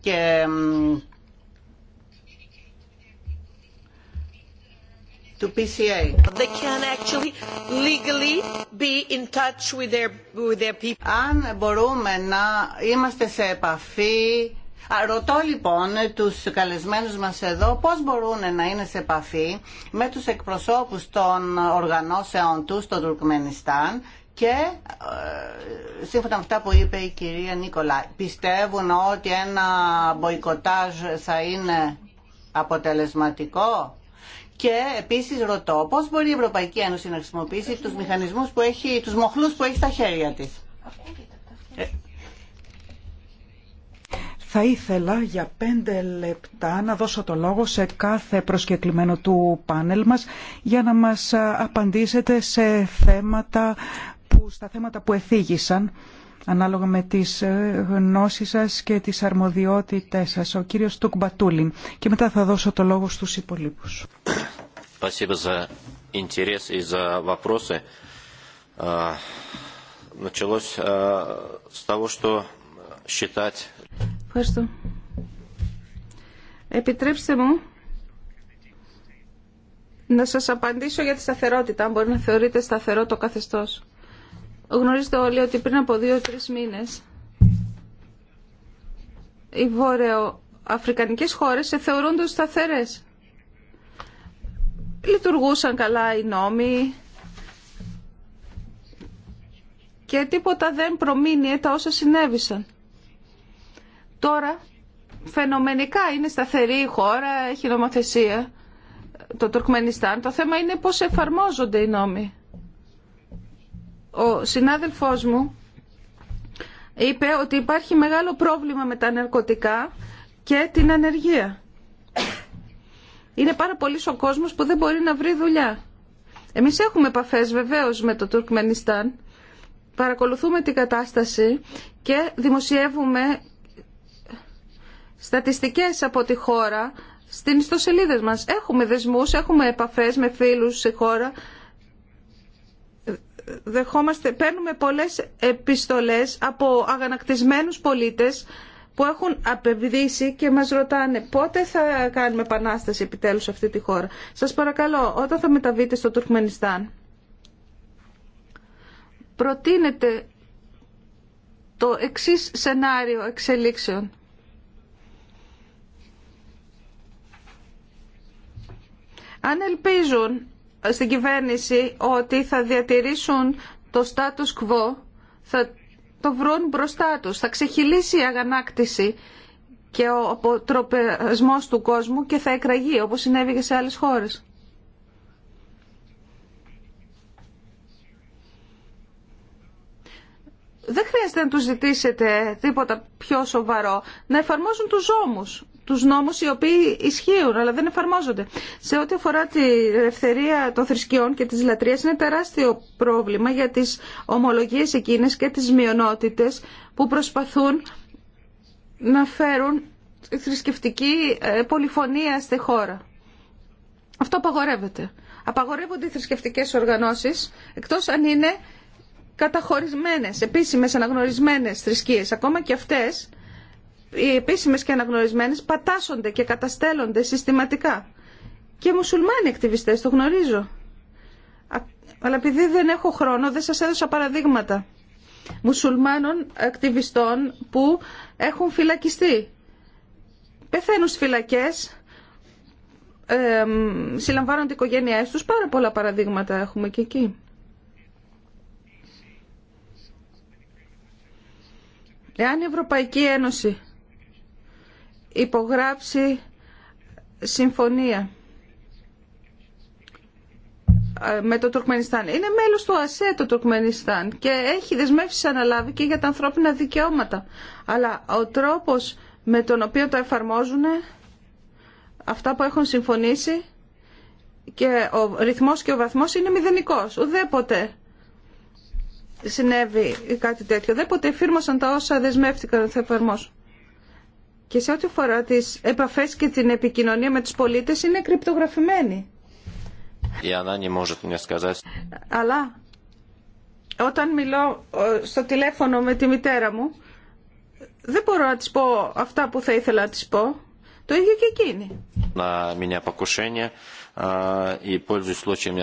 B: Και του PCA. They can in touch with Αν μπορούμε να είμαστε σε επαφή Ρωτώ λοιπόν τους καλεσμένους μας εδώ πώς μπορούν να είναι σε επαφή με τους εκπροσώπους των οργανώσεων του στο Τουρκμενιστάν και ε, σύμφωνα με αυτά που είπε η κυρία Νίκολα πιστεύουν ότι ένα μποϊκοτάζ θα είναι αποτελεσματικό και επίσης ρωτώ πώς μπορεί η Ευρωπαϊκή Ένωση να χρησιμοποιήσει τους μηχανισμούς που έχει, τους μοχλούς που έχει στα χέρια της.
D: Θα ήθελα για πέντε λεπτά να δώσω το λόγο σε κάθε προσκεκλημένο του πάνελ μας για να μας απαντήσετε σε θέματα που, στα θέματα που εθίγησαν ανάλογα με τις ε, γνώσεις σας και τις αρμοδιότητές σας. Ο κύριος Τουκμπατούλιν. Και μετά θα δώσω το λόγο στους υπολείπους.
E: Началось с того, что считать
C: Ευχαριστώ. Επιτρέψτε μου να σας απαντήσω για τη σταθερότητα, αν μπορεί να θεωρείτε σταθερό το καθεστώς. Γνωρίζετε όλοι ότι πριν από δύο-τρεις μήνες οι βόρειο-αφρικανικές χώρες θεωρούνται σταθερές. Λειτουργούσαν καλά οι νόμοι και τίποτα δεν προμείνει τα όσα συνέβησαν. Τώρα φαινομενικά είναι σταθερή η χώρα, έχει νομοθεσία το Τουρκμενιστάν. Το θέμα είναι πώς εφαρμόζονται οι νόμοι. Ο συνάδελφός μου είπε ότι υπάρχει μεγάλο πρόβλημα με τα ναρκωτικά και την ανεργία. Είναι πάρα πολύ ο κόσμος που δεν μπορεί να βρει δουλειά. Εμείς έχουμε επαφές βεβαίως με το Τουρκμενιστάν, παρακολουθούμε την κατάσταση και δημοσιεύουμε στατιστικές από τη χώρα στην ιστοσελίδα μας. Έχουμε δεσμούς, έχουμε επαφές με φίλους στη χώρα. Δεχόμαστε, παίρνουμε πολλές επιστολές από αγανακτισμένους πολίτες που έχουν απευδίσει και μας ρωτάνε πότε θα κάνουμε επανάσταση επιτέλους σε αυτή τη χώρα. Σας παρακαλώ, όταν θα μεταβείτε στο Τουρκμενιστάν, προτείνετε το εξής σενάριο εξελίξεων. Αν ελπίζουν στην κυβέρνηση ότι θα διατηρήσουν το status quo, θα το βρουν μπροστά τους, θα ξεχυλήσει η αγανάκτηση και ο αποτροπεσμός του κόσμου και θα εκραγεί, όπως συνέβη και σε άλλες χώρες. δεν χρειάζεται να τους ζητήσετε τίποτα πιο σοβαρό. Να εφαρμόσουν τους ώμους. Του νόμου, οι οποίοι ισχύουν αλλά δεν εφαρμόζονται. Σε ό,τι αφορά τη ελευθερία των θρησκειών και της λατρείας είναι τεράστιο πρόβλημα για τις ομολογίε εκείνε και τις μειονότητε που προσπαθούν να φέρουν θρησκευτική ε, πολυφωνία στη χώρα. Αυτό απαγορεύεται. Απαγορεύονται οι θρησκευτικές οργανώσεις εκτός αν είναι καταχωρισμένες, επίσημες αναγνωρισμένες θρησκείες. Ακόμα και αυτές οι επίσημες και αναγνωρισμένε πατάσσονται και καταστέλλονται συστηματικά. Και μουσουλμάνοι ακτιβιστές, το γνωρίζω. Αλλά επειδή δεν έχω χρόνο, δεν σας έδωσα παραδείγματα μουσουλμάνων ακτιβιστών που έχουν φυλακιστεί. Πεθαίνουν στι φυλακές, ε, συλλαμβάνονται οι οικογένειές τους. Πάρα πολλά παραδείγματα έχουμε και εκεί. Εάν η Ευρωπαϊκή Ένωση υπογράψει συμφωνία ε, με το Τουρκμενιστάν. Είναι μέλος του ΑΣΕ το Τουρκμενιστάν και έχει δεσμεύσει αναλάβει και για τα ανθρώπινα δικαιώματα. Αλλά ο τρόπος με τον οποίο τα εφαρμόζουν αυτά που έχουν συμφωνήσει και ο ρυθμός και ο βαθμός είναι μηδενικός. Ουδέποτε συνέβη κάτι τέτοιο. Ουδέποτε εφήρμοσαν τα όσα δεσμεύτηκαν θα εφαρμόσουν και σε ό,τι αφορά τι επαφέ και την επικοινωνία με του πολίτε είναι κρυπτογραφημένη. Αλλά όταν μιλώ ε, στο τηλέφωνο με τη μητέρα μου δεν μπορώ να της πω αυτά που θα ήθελα να της πω. Το ίδιο και εκείνη. Ε,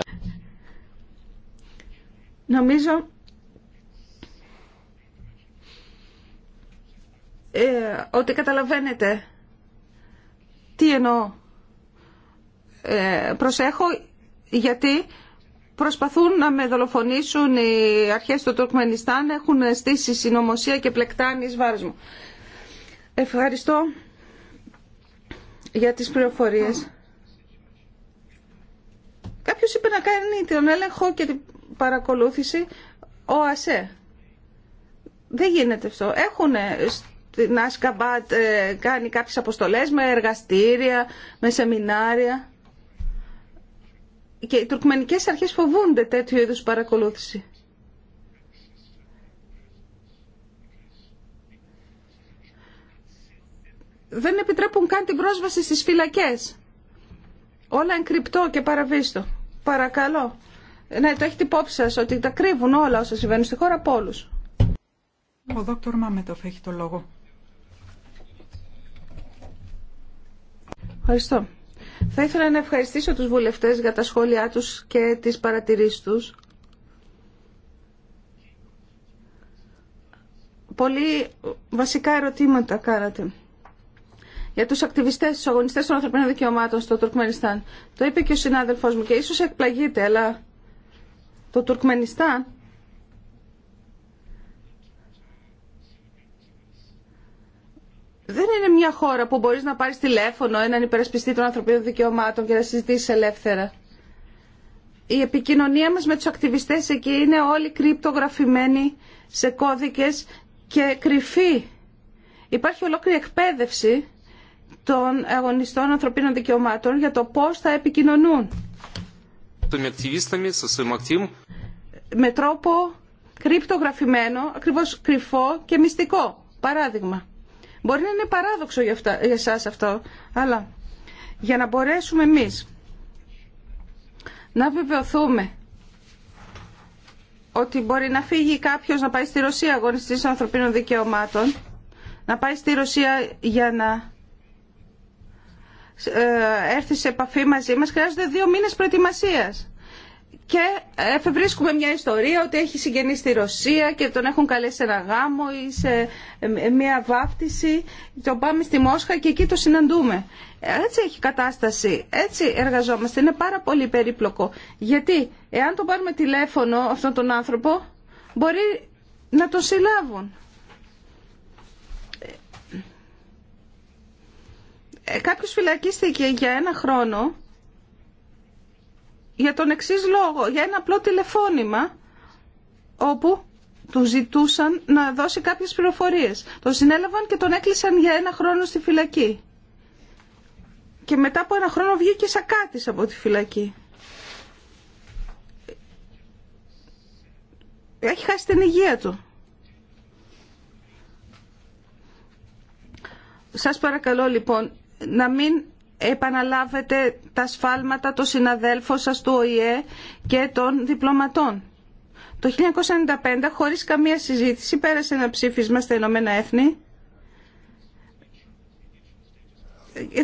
C: Νομίζω Ε, ότι καταλαβαίνετε τι εννοώ. Ε, προσέχω γιατί προσπαθούν να με δολοφονήσουν οι αρχές του Τουρκμενιστάν, έχουν στήσει συνωμοσία και πλεκτάνει εις βάρος μου. Ευχαριστώ για τις πληροφορίες. Κάποιος είπε να κάνει τον έλεγχο και την παρακολούθηση ο ΑΣΕ. Δεν γίνεται αυτό. Έχουν να Ασκαμπάτ ε, κάνει κάποιες αποστολές με εργαστήρια, με σεμινάρια. Και οι τουρκμενικές αρχές φοβούνται τέτοιου είδους παρακολούθηση. Δεν επιτρέπουν καν την πρόσβαση στις φυλακές. Όλα κρυπτό και παραβίστο. Παρακαλώ. Ναι, το έχετε υπόψη σας ότι τα κρύβουν όλα όσα συμβαίνουν στη χώρα από όλους. Ο δόκτωρ
D: Μάμετοφ έχει το λόγο.
C: Ευχαριστώ. Θα ήθελα να ευχαριστήσω τους βουλευτές για τα σχόλιά τους και τις παρατηρήσεις τους. Πολύ βασικά ερωτήματα κάνατε για τους ακτιβιστές, τους αγωνιστές των ανθρωπίνων δικαιωμάτων στο Τουρκμενιστάν. Το είπε και ο συνάδελφός μου και ίσως εκπλαγείτε, αλλά το Τουρκμενιστάν δεν είναι μια χώρα που μπορείς να πάρεις τηλέφωνο έναν υπερασπιστή των ανθρωπίνων δικαιωμάτων και να συζητήσεις ελεύθερα. Η επικοινωνία μας με τους ακτιβιστές εκεί είναι όλοι κρυπτογραφημένοι σε κώδικες και κρυφή. Υπάρχει ολόκληρη εκπαίδευση των αγωνιστών ανθρωπίνων δικαιωμάτων για το πώς θα επικοινωνούν. Με τρόπο κρυπτογραφημένο, ακριβώς κρυφό και μυστικό. Παράδειγμα. Μπορεί να είναι παράδοξο για, αυτά, αυτό, αλλά για να μπορέσουμε εμείς να βεβαιωθούμε ότι μπορεί να φύγει κάποιος να πάει στη Ρωσία αγωνιστής ανθρωπίνων δικαιωμάτων, να πάει στη Ρωσία για να ε, έρθει σε επαφή μαζί μας, χρειάζονται δύο μήνες προετοιμασίας. Και ε, εφευρίσκουμε μια ιστορία ότι έχει συγγενεί στη Ρωσία και τον έχουν καλέσει σε ένα γάμο ή σε ε, μια βάφτιση. Τον πάμε στη Μόσχα και εκεί το συναντούμε. Έτσι έχει κατάσταση. Έτσι εργαζόμαστε. Είναι πάρα πολύ περίπλοκο. Γιατί εάν τον πάρουμε τηλέφωνο αυτόν τον άνθρωπο μπορεί να τον συλλάβουν. Ε, κάποιος φυλακίστηκε για ένα χρόνο για τον εξή λόγο, για ένα απλό τηλεφώνημα όπου του ζητούσαν να δώσει κάποιες πληροφορίες. Τον συνέλαβαν και τον έκλεισαν για ένα χρόνο στη φυλακή. Και μετά από ένα χρόνο βγήκε σακάτης από τη φυλακή. Έχει χάσει την υγεία του. Σας παρακαλώ λοιπόν να μην επαναλάβετε τα σφάλματα των συναδέλφων σας του ΟΗΕ και των διπλωματών. Το 1995, χωρίς καμία συζήτηση, πέρασε ένα ψήφισμα στα Ηνωμένα Έθνη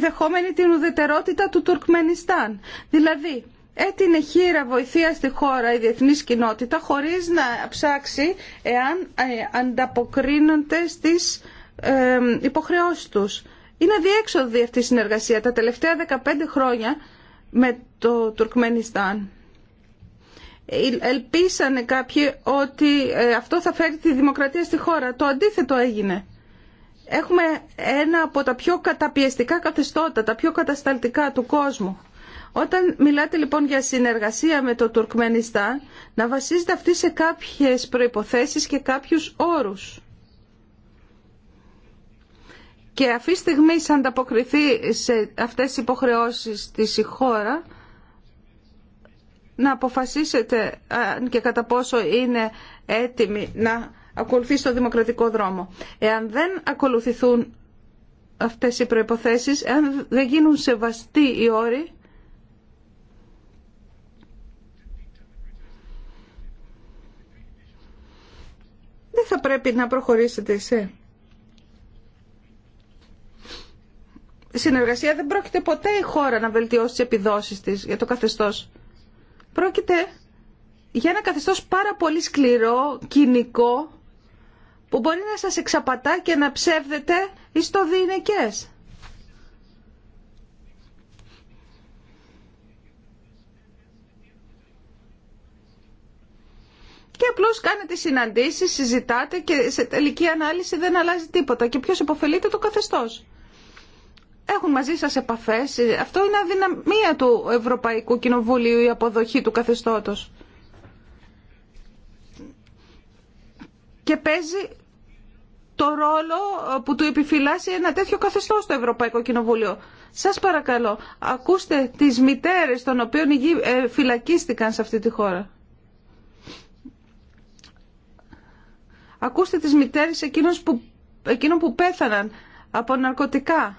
C: δεχόμενη την ουδετερότητα του Τουρκμενιστάν. Δηλαδή, έτεινε χείρα βοηθεία στη χώρα η διεθνής κοινότητα χωρίς να ψάξει εάν ε, ανταποκρίνονται στις ε, υποχρεώσεις τους. Είναι αδιέξοδη αυτή η συνεργασία τα τελευταία 15 χρόνια με το Τουρκμενιστάν. Ε, ελπίσανε κάποιοι ότι ε, αυτό θα φέρει τη δημοκρατία στη χώρα. Το αντίθετο έγινε. Έχουμε ένα από τα πιο καταπιεστικά καθεστώτα, τα πιο κατασταλτικά του κόσμου. Όταν μιλάτε λοιπόν για συνεργασία με το Τουρκμενιστάν, να βασίζεται αυτή σε κάποιες προϋποθέσεις και κάποιους όρους και αυτή τη στιγμή ανταποκριθεί σε αυτές τις υποχρεώσεις της η χώρα να αποφασίσετε αν και κατά πόσο είναι έτοιμη να ακολουθεί στο δημοκρατικό δρόμο. Εάν δεν ακολουθηθούν αυτές οι προϋποθέσεις, εάν δεν γίνουν σεβαστοί οι όροι, δεν θα πρέπει να προχωρήσετε σε συνεργασία δεν πρόκειται ποτέ η χώρα να βελτιώσει τις επιδόσεις της για το καθεστώς. Πρόκειται για ένα καθεστώς πάρα πολύ σκληρό, κοινικό, που μπορεί να σας εξαπατά και να ψεύδεται εις το διηνεκές. Και απλώς κάνετε συναντήσεις, συζητάτε και σε τελική ανάλυση δεν αλλάζει τίποτα. Και ποιος υποφελείται το καθεστώς έχουν μαζί σας επαφές. Αυτό είναι αδυναμία του Ευρωπαϊκού Κοινοβουλίου η αποδοχή του καθεστώτος. Και παίζει το ρόλο που του επιφυλάσσει ένα τέτοιο καθεστώς στο Ευρωπαϊκό Κοινοβούλιο. Σας παρακαλώ, ακούστε τις μητέρες των οποίων ε, φυλακίστηκαν σε αυτή τη χώρα. Ακούστε τις μητέρες εκείνων που, εκείνων που πέθαναν από ναρκωτικά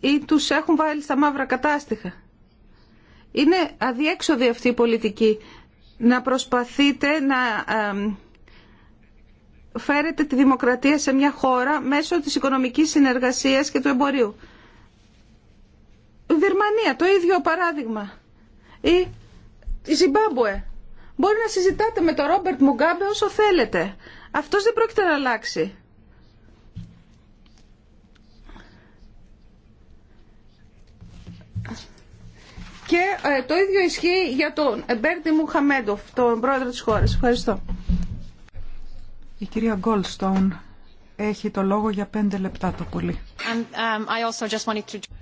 C: ή τους έχουν βάλει στα μαύρα κατάστοιχα. Είναι αδιέξοδη αυτή η πολιτική να προσπαθείτε να φέρετε τη δημοκρατία σε μια χώρα μέσω της οικονομικής συνεργασίας και του εμπορίου. Η Βερμανία, το ίδιο παράδειγμα. Ή η Ζιμπάμπουε. Μπορεί να συζητάτε με τον Ρόμπερτ Μουγκάμπε όσο θέλετε. Αυτός δεν πρόκειται να αλλάξει. Και το ίδιο ισχύει για τον Μπέρντι Μουχαμέντοφ, τον πρόεδρο της χώρας. Ευχαριστώ. Η κυρία Γκόλστον έχει το λόγο για πέντε λεπτά το πολύ.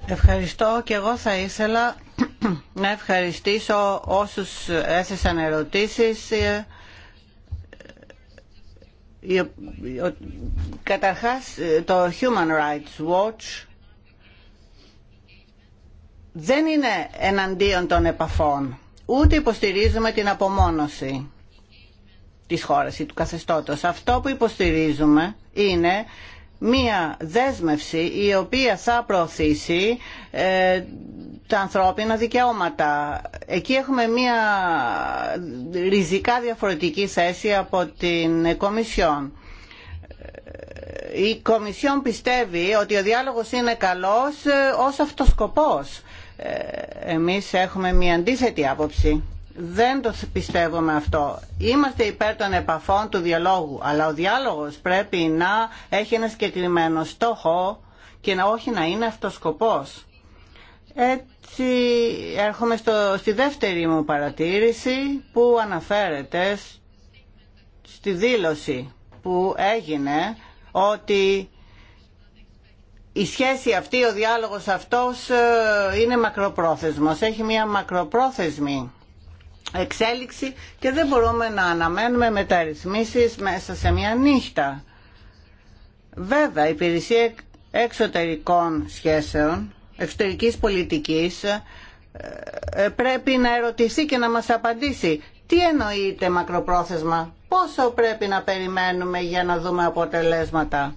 B: Ευχαριστώ και εγώ θα ήθελα να ευχαριστήσω όσους έθεσαν ερωτήσεις. Καταρχάς το Human Rights Watch δεν είναι εναντίον των επαφών, ούτε υποστηρίζουμε την απομόνωση της χώρας ή του καθεστώτος. Αυτό που υποστηρίζουμε είναι μία δέσμευση η οποία θα προωθήσει ε, τα ανθρώπινα δικαιώματα. Εκεί έχουμε μία ριζικά διαφορετική θέση από την Κομισιόν. Η Κομισιόν πιστεύει ότι ο διάλογος είναι καλός ε, ως αυτοσκοπός ε, εμείς έχουμε μια αντίθετη άποψη. Δεν το πιστεύουμε αυτό. Είμαστε υπέρ των επαφών του διαλόγου, αλλά ο διάλογος πρέπει να έχει ένα συγκεκριμένο στόχο και να όχι να είναι αυτός σκοπός. Έτσι έρχομαι στο, στη δεύτερη μου παρατήρηση που αναφέρεται στη δήλωση που έγινε ότι η σχέση αυτή, ο διάλογος αυτός ε, είναι μακροπρόθεσμος, έχει μια μακροπρόθεσμη εξέλιξη και δεν μπορούμε να αναμένουμε μεταρρυθμίσεις μέσα σε μια νύχτα. Βέβαια, η υπηρεσία εξωτερικών σχέσεων, εξωτερικής πολιτικής, ε, ε, πρέπει να ερωτηθεί και να μας απαντήσει τι εννοείται μακροπρόθεσμα, πόσο πρέπει να περιμένουμε για να δούμε αποτελέσματα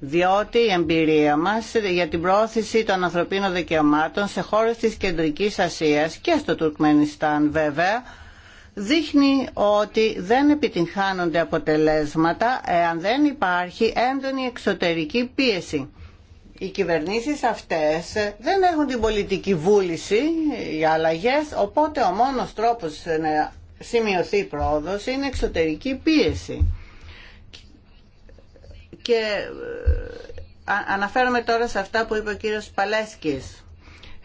B: διότι η εμπειρία μας για την πρόθεση των ανθρωπίνων δικαιωμάτων σε χώρες της Κεντρικής Ασίας και στο Τουρκμενιστάν βέβαια δείχνει ότι δεν επιτυγχάνονται αποτελέσματα εάν δεν υπάρχει έντονη εξωτερική πίεση. Οι κυβερνήσεις αυτές δεν έχουν την πολιτική βούληση για αλλαγές, οπότε ο μόνος τρόπος να σημειωθεί πρόοδος είναι εξωτερική πίεση και αναφέρομαι τώρα σε αυτά που είπε ο κύριος Παλέσκης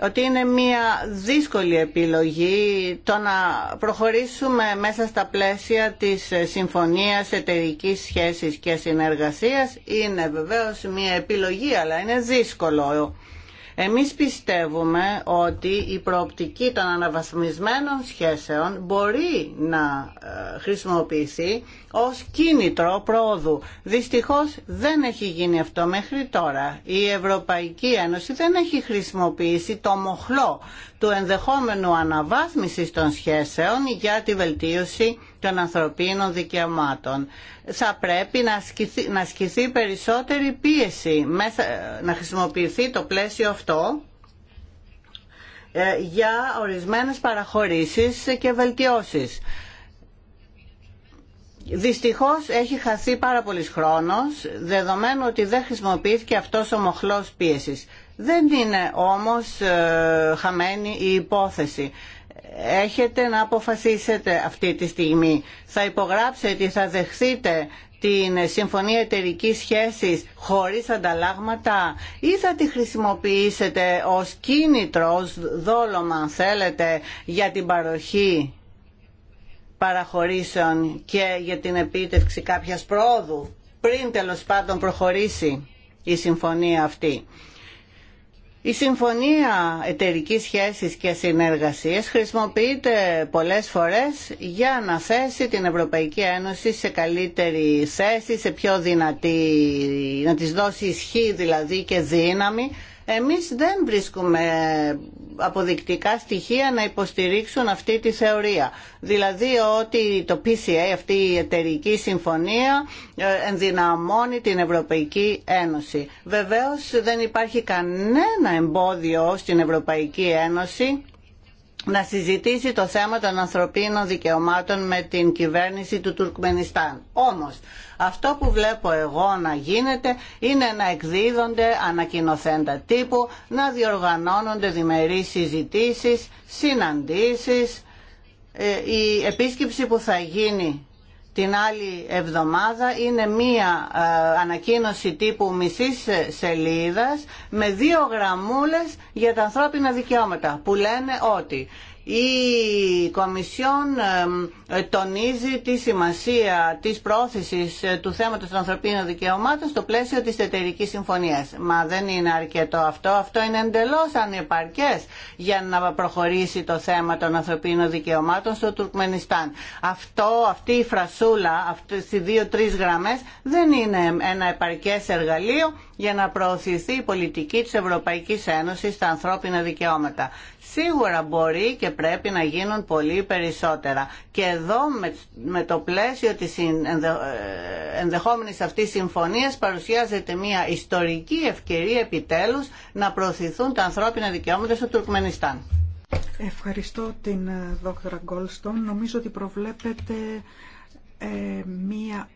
B: ότι είναι μια δύσκολη επιλογή το να προχωρήσουμε μέσα στα πλαίσια της συμφωνίας εταιρικής σχέσης και συνεργασίας είναι βεβαίως μια επιλογή αλλά είναι δύσκολο εμείς πιστεύουμε ότι η προοπτική των αναβαθμισμένων σχέσεων μπορεί να ε, χρησιμοποιηθεί ως κίνητρο πρόοδου. Δυστυχώς δεν έχει γίνει αυτό μέχρι τώρα. Η Ευρωπαϊκή Ένωση δεν έχει χρησιμοποιήσει το μοχλό του ενδεχόμενου αναβάθμισης των σχέσεων για τη βελτίωση των ανθρωπίνων δικαιωμάτων. Θα πρέπει να ασκηθεί, να ασκηθεί περισσότερη πίεση, να χρησιμοποιηθεί το πλαίσιο αυτό ε, για ορισμένες παραχωρήσεις και βελτιώσεις. Δυστυχώς έχει χαθεί πάρα πολύς χρόνος, δεδομένου ότι δεν χρησιμοποιήθηκε αυτός ο μοχλός πίεσης. Δεν είναι όμως ε, χαμένη η υπόθεση έχετε να αποφασίσετε αυτή τη στιγμή. Θα υπογράψετε, ή θα δεχθείτε την συμφωνία εταιρική σχέσης χωρίς ανταλλάγματα ή θα τη χρησιμοποιήσετε ως κίνητρο, ως δόλωμα αν θέλετε, για την παροχή παραχωρήσεων και για την επίτευξη κάποιας πρόοδου πριν τέλος πάντων προχωρήσει η συμφωνία αυτή. Η Συμφωνία Εταιρικής Σχέσης και Συνεργασίας χρησιμοποιείται πολλές φορές για να θέσει την Ευρωπαϊκή Ένωση σε καλύτερη θέση, σε πιο δυνατή, να της δώσει ισχύ δηλαδή και δύναμη εμείς δεν βρίσκουμε αποδεικτικά στοιχεία να υποστηρίξουν αυτή τη θεωρία. Δηλαδή ότι το PCA, αυτή η εταιρική συμφωνία, ε, ενδυναμώνει την Ευρωπαϊκή Ένωση. Βεβαίως δεν υπάρχει κανένα εμπόδιο στην Ευρωπαϊκή Ένωση να συζητήσει το θέμα των ανθρωπίνων δικαιωμάτων με την κυβέρνηση του Τουρκμενιστάν. Όμως, αυτό που βλέπω εγώ να γίνεται είναι να εκδίδονται ανακοινοθέντα τύπου, να διοργανώνονται διμερείς συζητήσεις, συναντήσεις. Ε, η επίσκεψη που θα γίνει την άλλη εβδομάδα είναι μία ε, ανακοίνωση τύπου μισής σελίδας με δύο γραμμούλες για τα ανθρώπινα δικαιώματα που λένε ότι η Κομισιόν τονίζει τη σημασία της πρόθεσης ε, του θέματος των ανθρωπίνων δικαιωμάτων στο πλαίσιο της εταιρικής συμφωνίας. Μα δεν είναι αρκετό αυτό. Αυτό είναι εντελώς ανεπαρκές για να προχωρήσει το θέμα των ανθρωπίνων δικαιωμάτων στο Τουρκμενιστάν. Αυτό, αυτή η φρασούλα, αυτές οι δύο-τρεις γραμμές δεν είναι ένα επαρκές εργαλείο για να προωθηθεί η πολιτική της Ευρωπαϊκής Ένωσης στα ανθρώπινα δικαιώματα. Σίγουρα μπορεί και πρέπει να γίνουν πολύ περισσότερα. Και εδώ με το πλαίσιο της ε, ενδεχόμενης αυτής συμφωνίας παρουσιάζεται μια ιστορική ευκαιρία επιτέλους να προωθηθούν τα ανθρώπινα δικαιώματα στο Τουρκμενιστάν.
D: Ευχαριστώ την ε, δόκτωρα Γκόλστον. Νομίζω ότι προβλέπετε μια ε, μία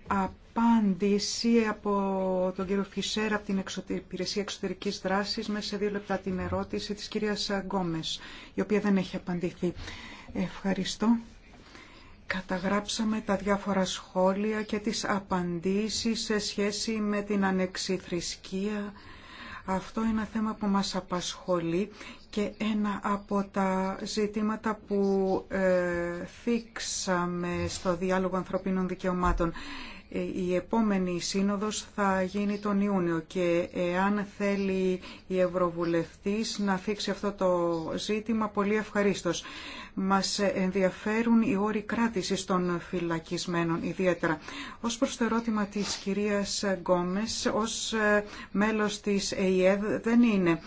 D: απάντηση από τον κύριο Φισέρα από την Υπηρεσία Εξωτερικής Δράσης μέσα σε δύο λεπτά την ερώτηση της κυρίας Γκόμες, η οποία δεν έχει απαντηθεί. Ευχαριστώ. Καταγράψαμε τα διάφορα σχόλια και τις απαντήσεις σε σχέση με την ανεξιθρησκεία. Αυτό είναι ένα θέμα που μας απασχολεί και ένα από τα ζητήματα που ε, θίξαμε στο Διάλογο Ανθρωπίνων Δικαιωμάτων. Ε, η επόμενη σύνοδος θα γίνει τον Ιούνιο και εάν θέλει η Ευρωβουλευτής να θίξει αυτό το ζήτημα, πολύ ευχαρίστως. Μας ενδιαφέρουν οι όροι κράτησης των φυλακισμένων ιδιαίτερα. Ως προς το ερώτημα της κυρίας Γκόμες, ως ε, μέλος της ΕΙΕΔ δεν είναι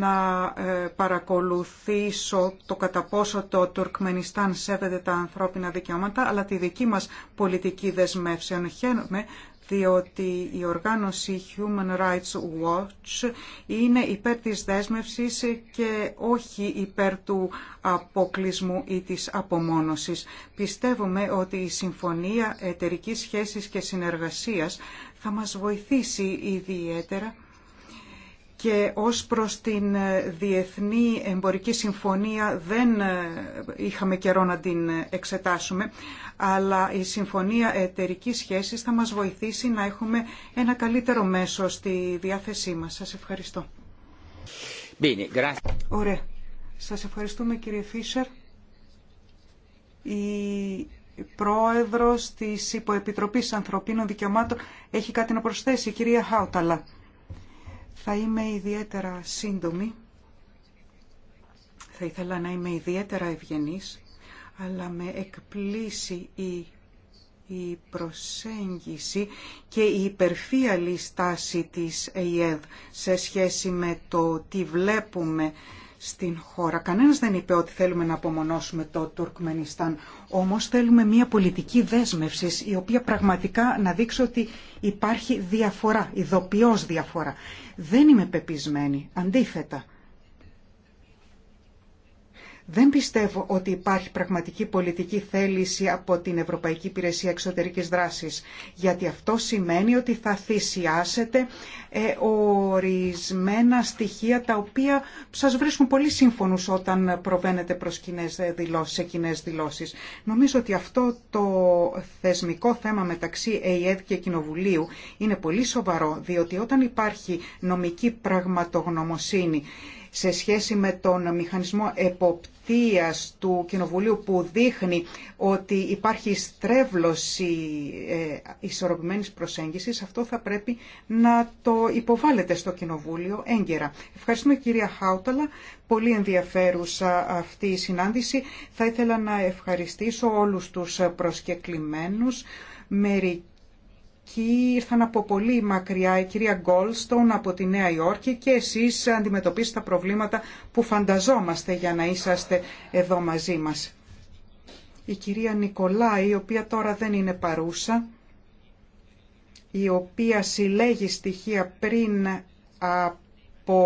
D: να ε, παρακολουθήσω το κατά πόσο το Τουρκμενιστάν σέβεται τα ανθρώπινα δικαιώματα, αλλά τη δική μας πολιτική δεσμεύση ανοχαίνομαι, διότι η οργάνωση Human Rights Watch είναι υπέρ της δέσμευσης και όχι υπέρ του αποκλεισμού ή της απομόνωσης. Πιστεύουμε ότι η Συμφωνία Εταιρικής Σχέσης και Συνεργασίας θα μας βοηθήσει ιδιαίτερα και ως προς την ε, Διεθνή Εμπορική Συμφωνία δεν ε, είχαμε καιρό να την εξετάσουμε, αλλά η Συμφωνία Εταιρικής Σχέσης θα μας βοηθήσει να έχουμε ένα καλύτερο μέσο στη διάθεσή μας. Σας ευχαριστώ. Bene, Ωραία. Σας ευχαριστούμε κύριε Φίσερ. Η πρόεδρος της Υποεπιτροπής Ανθρωπίνων Δικαιωμάτων έχει κάτι να προσθέσει, η κυρία Χάουταλα. Θα είμαι ιδιαίτερα σύντομη. Θα ήθελα να είμαι ιδιαίτερα ευγενής, αλλά με εκπλήσει η η προσέγγιση και η υπερφύαλη στάση της ΕΙΕΔ σε σχέση με το τι βλέπουμε στην χώρα. Κανένας δεν είπε ότι θέλουμε να απομονώσουμε το Τουρκμενιστάν. Όμως θέλουμε μια πολιτική δέσμευση η οποία πραγματικά να δείξει ότι υπάρχει διαφορά, ειδοποιώ διαφορά. Δεν είμαι πεπισμένη. Αντίθετα, δεν πιστεύω ότι υπάρχει πραγματική πολιτική θέληση από την Ευρωπαϊκή Υπηρεσία Εξωτερική δράση. γιατί αυτό σημαίνει ότι θα θυσιάσετε ε, ορισμένα στοιχεία τα οποία σα βρίσκουν πολύ σύμφωνους όταν προβαίνετε προς δηλώσεις, σε Νομίζω ότι αυτό το θεσμικό θέμα μεταξύ ΕΙΕΔ και Κοινοβουλίου είναι πολύ σοβαρό, διότι όταν υπάρχει νομική πραγματογνωμοσύνη σε σχέση με τον μηχανισμό εποπτείας του Κοινοβουλίου που δείχνει ότι υπάρχει στρέβλωση ε, ισορροπημένης προσέγγισης, αυτό θα πρέπει να το υποβάλλεται στο Κοινοβούλιο έγκαιρα. Ευχαριστούμε κυρία Χάουταλα, πολύ ενδιαφέρουσα αυτή η συνάντηση. Θα ήθελα να ευχαριστήσω όλους τους προσκεκλημένους εκεί ήρθαν από πολύ μακριά η κυρία Γκόλστον από τη Νέα Υόρκη και εσείς αντιμετωπίσετε τα προβλήματα που φανταζόμαστε για να είσαστε εδώ μαζί μας. Η κυρία Νικολάη, η οποία τώρα δεν είναι παρούσα, η οποία συλλέγει στοιχεία πριν από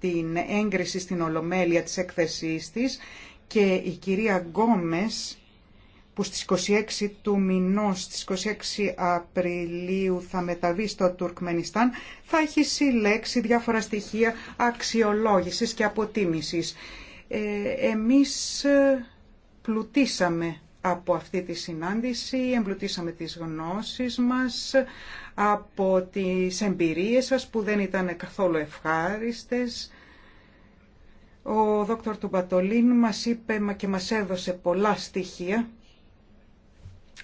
D: την έγκριση στην Ολομέλεια της έκθεσής της και η κυρία Γκόμες που στις 26 του μηνός, στις 26 Απριλίου θα μεταβεί στο Τουρκμενιστάν, θα έχει συλλέξει διάφορα στοιχεία αξιολόγησης και αποτίμησης. Ε, εμείς ε, πλουτίσαμε από αυτή τη συνάντηση, εμπλουτίσαμε τις γνώσεις μας, από τις εμπειρίες σας που δεν ήταν καθόλου ευχάριστες. Ο δόκτωρ Τουμπατολίν μας είπε και μας έδωσε πολλά στοιχεία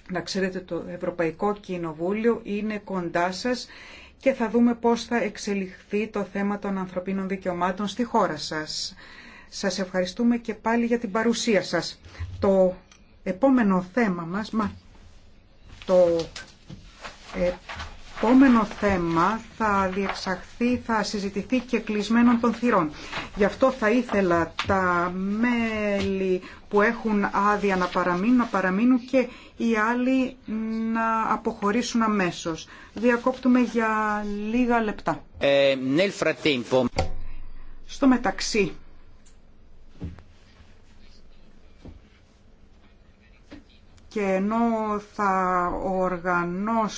D: να ξέρετε το Ευρωπαϊκό Κοινοβούλιο είναι κοντά σας και θα δούμε πώς θα εξελιχθεί το θέμα των ανθρωπίνων δικαιωμάτων στη χώρα σας. Σας ευχαριστούμε και πάλι για την παρουσία σας. Το επόμενο θέμα μας, μα, το επόμενο θέμα θα διεξαχθεί, θα συζητηθεί και κλεισμένων των θυρών. Γι' αυτό θα ήθελα τα μέλη που έχουν άδεια να παραμείνουν, να παραμείνουν και οι άλλοι να αποχωρήσουν αμέσως. Διακόπτουμε για λίγα λεπτά. Ε, Στο μεταξύ, και ενώ θα οργανώσω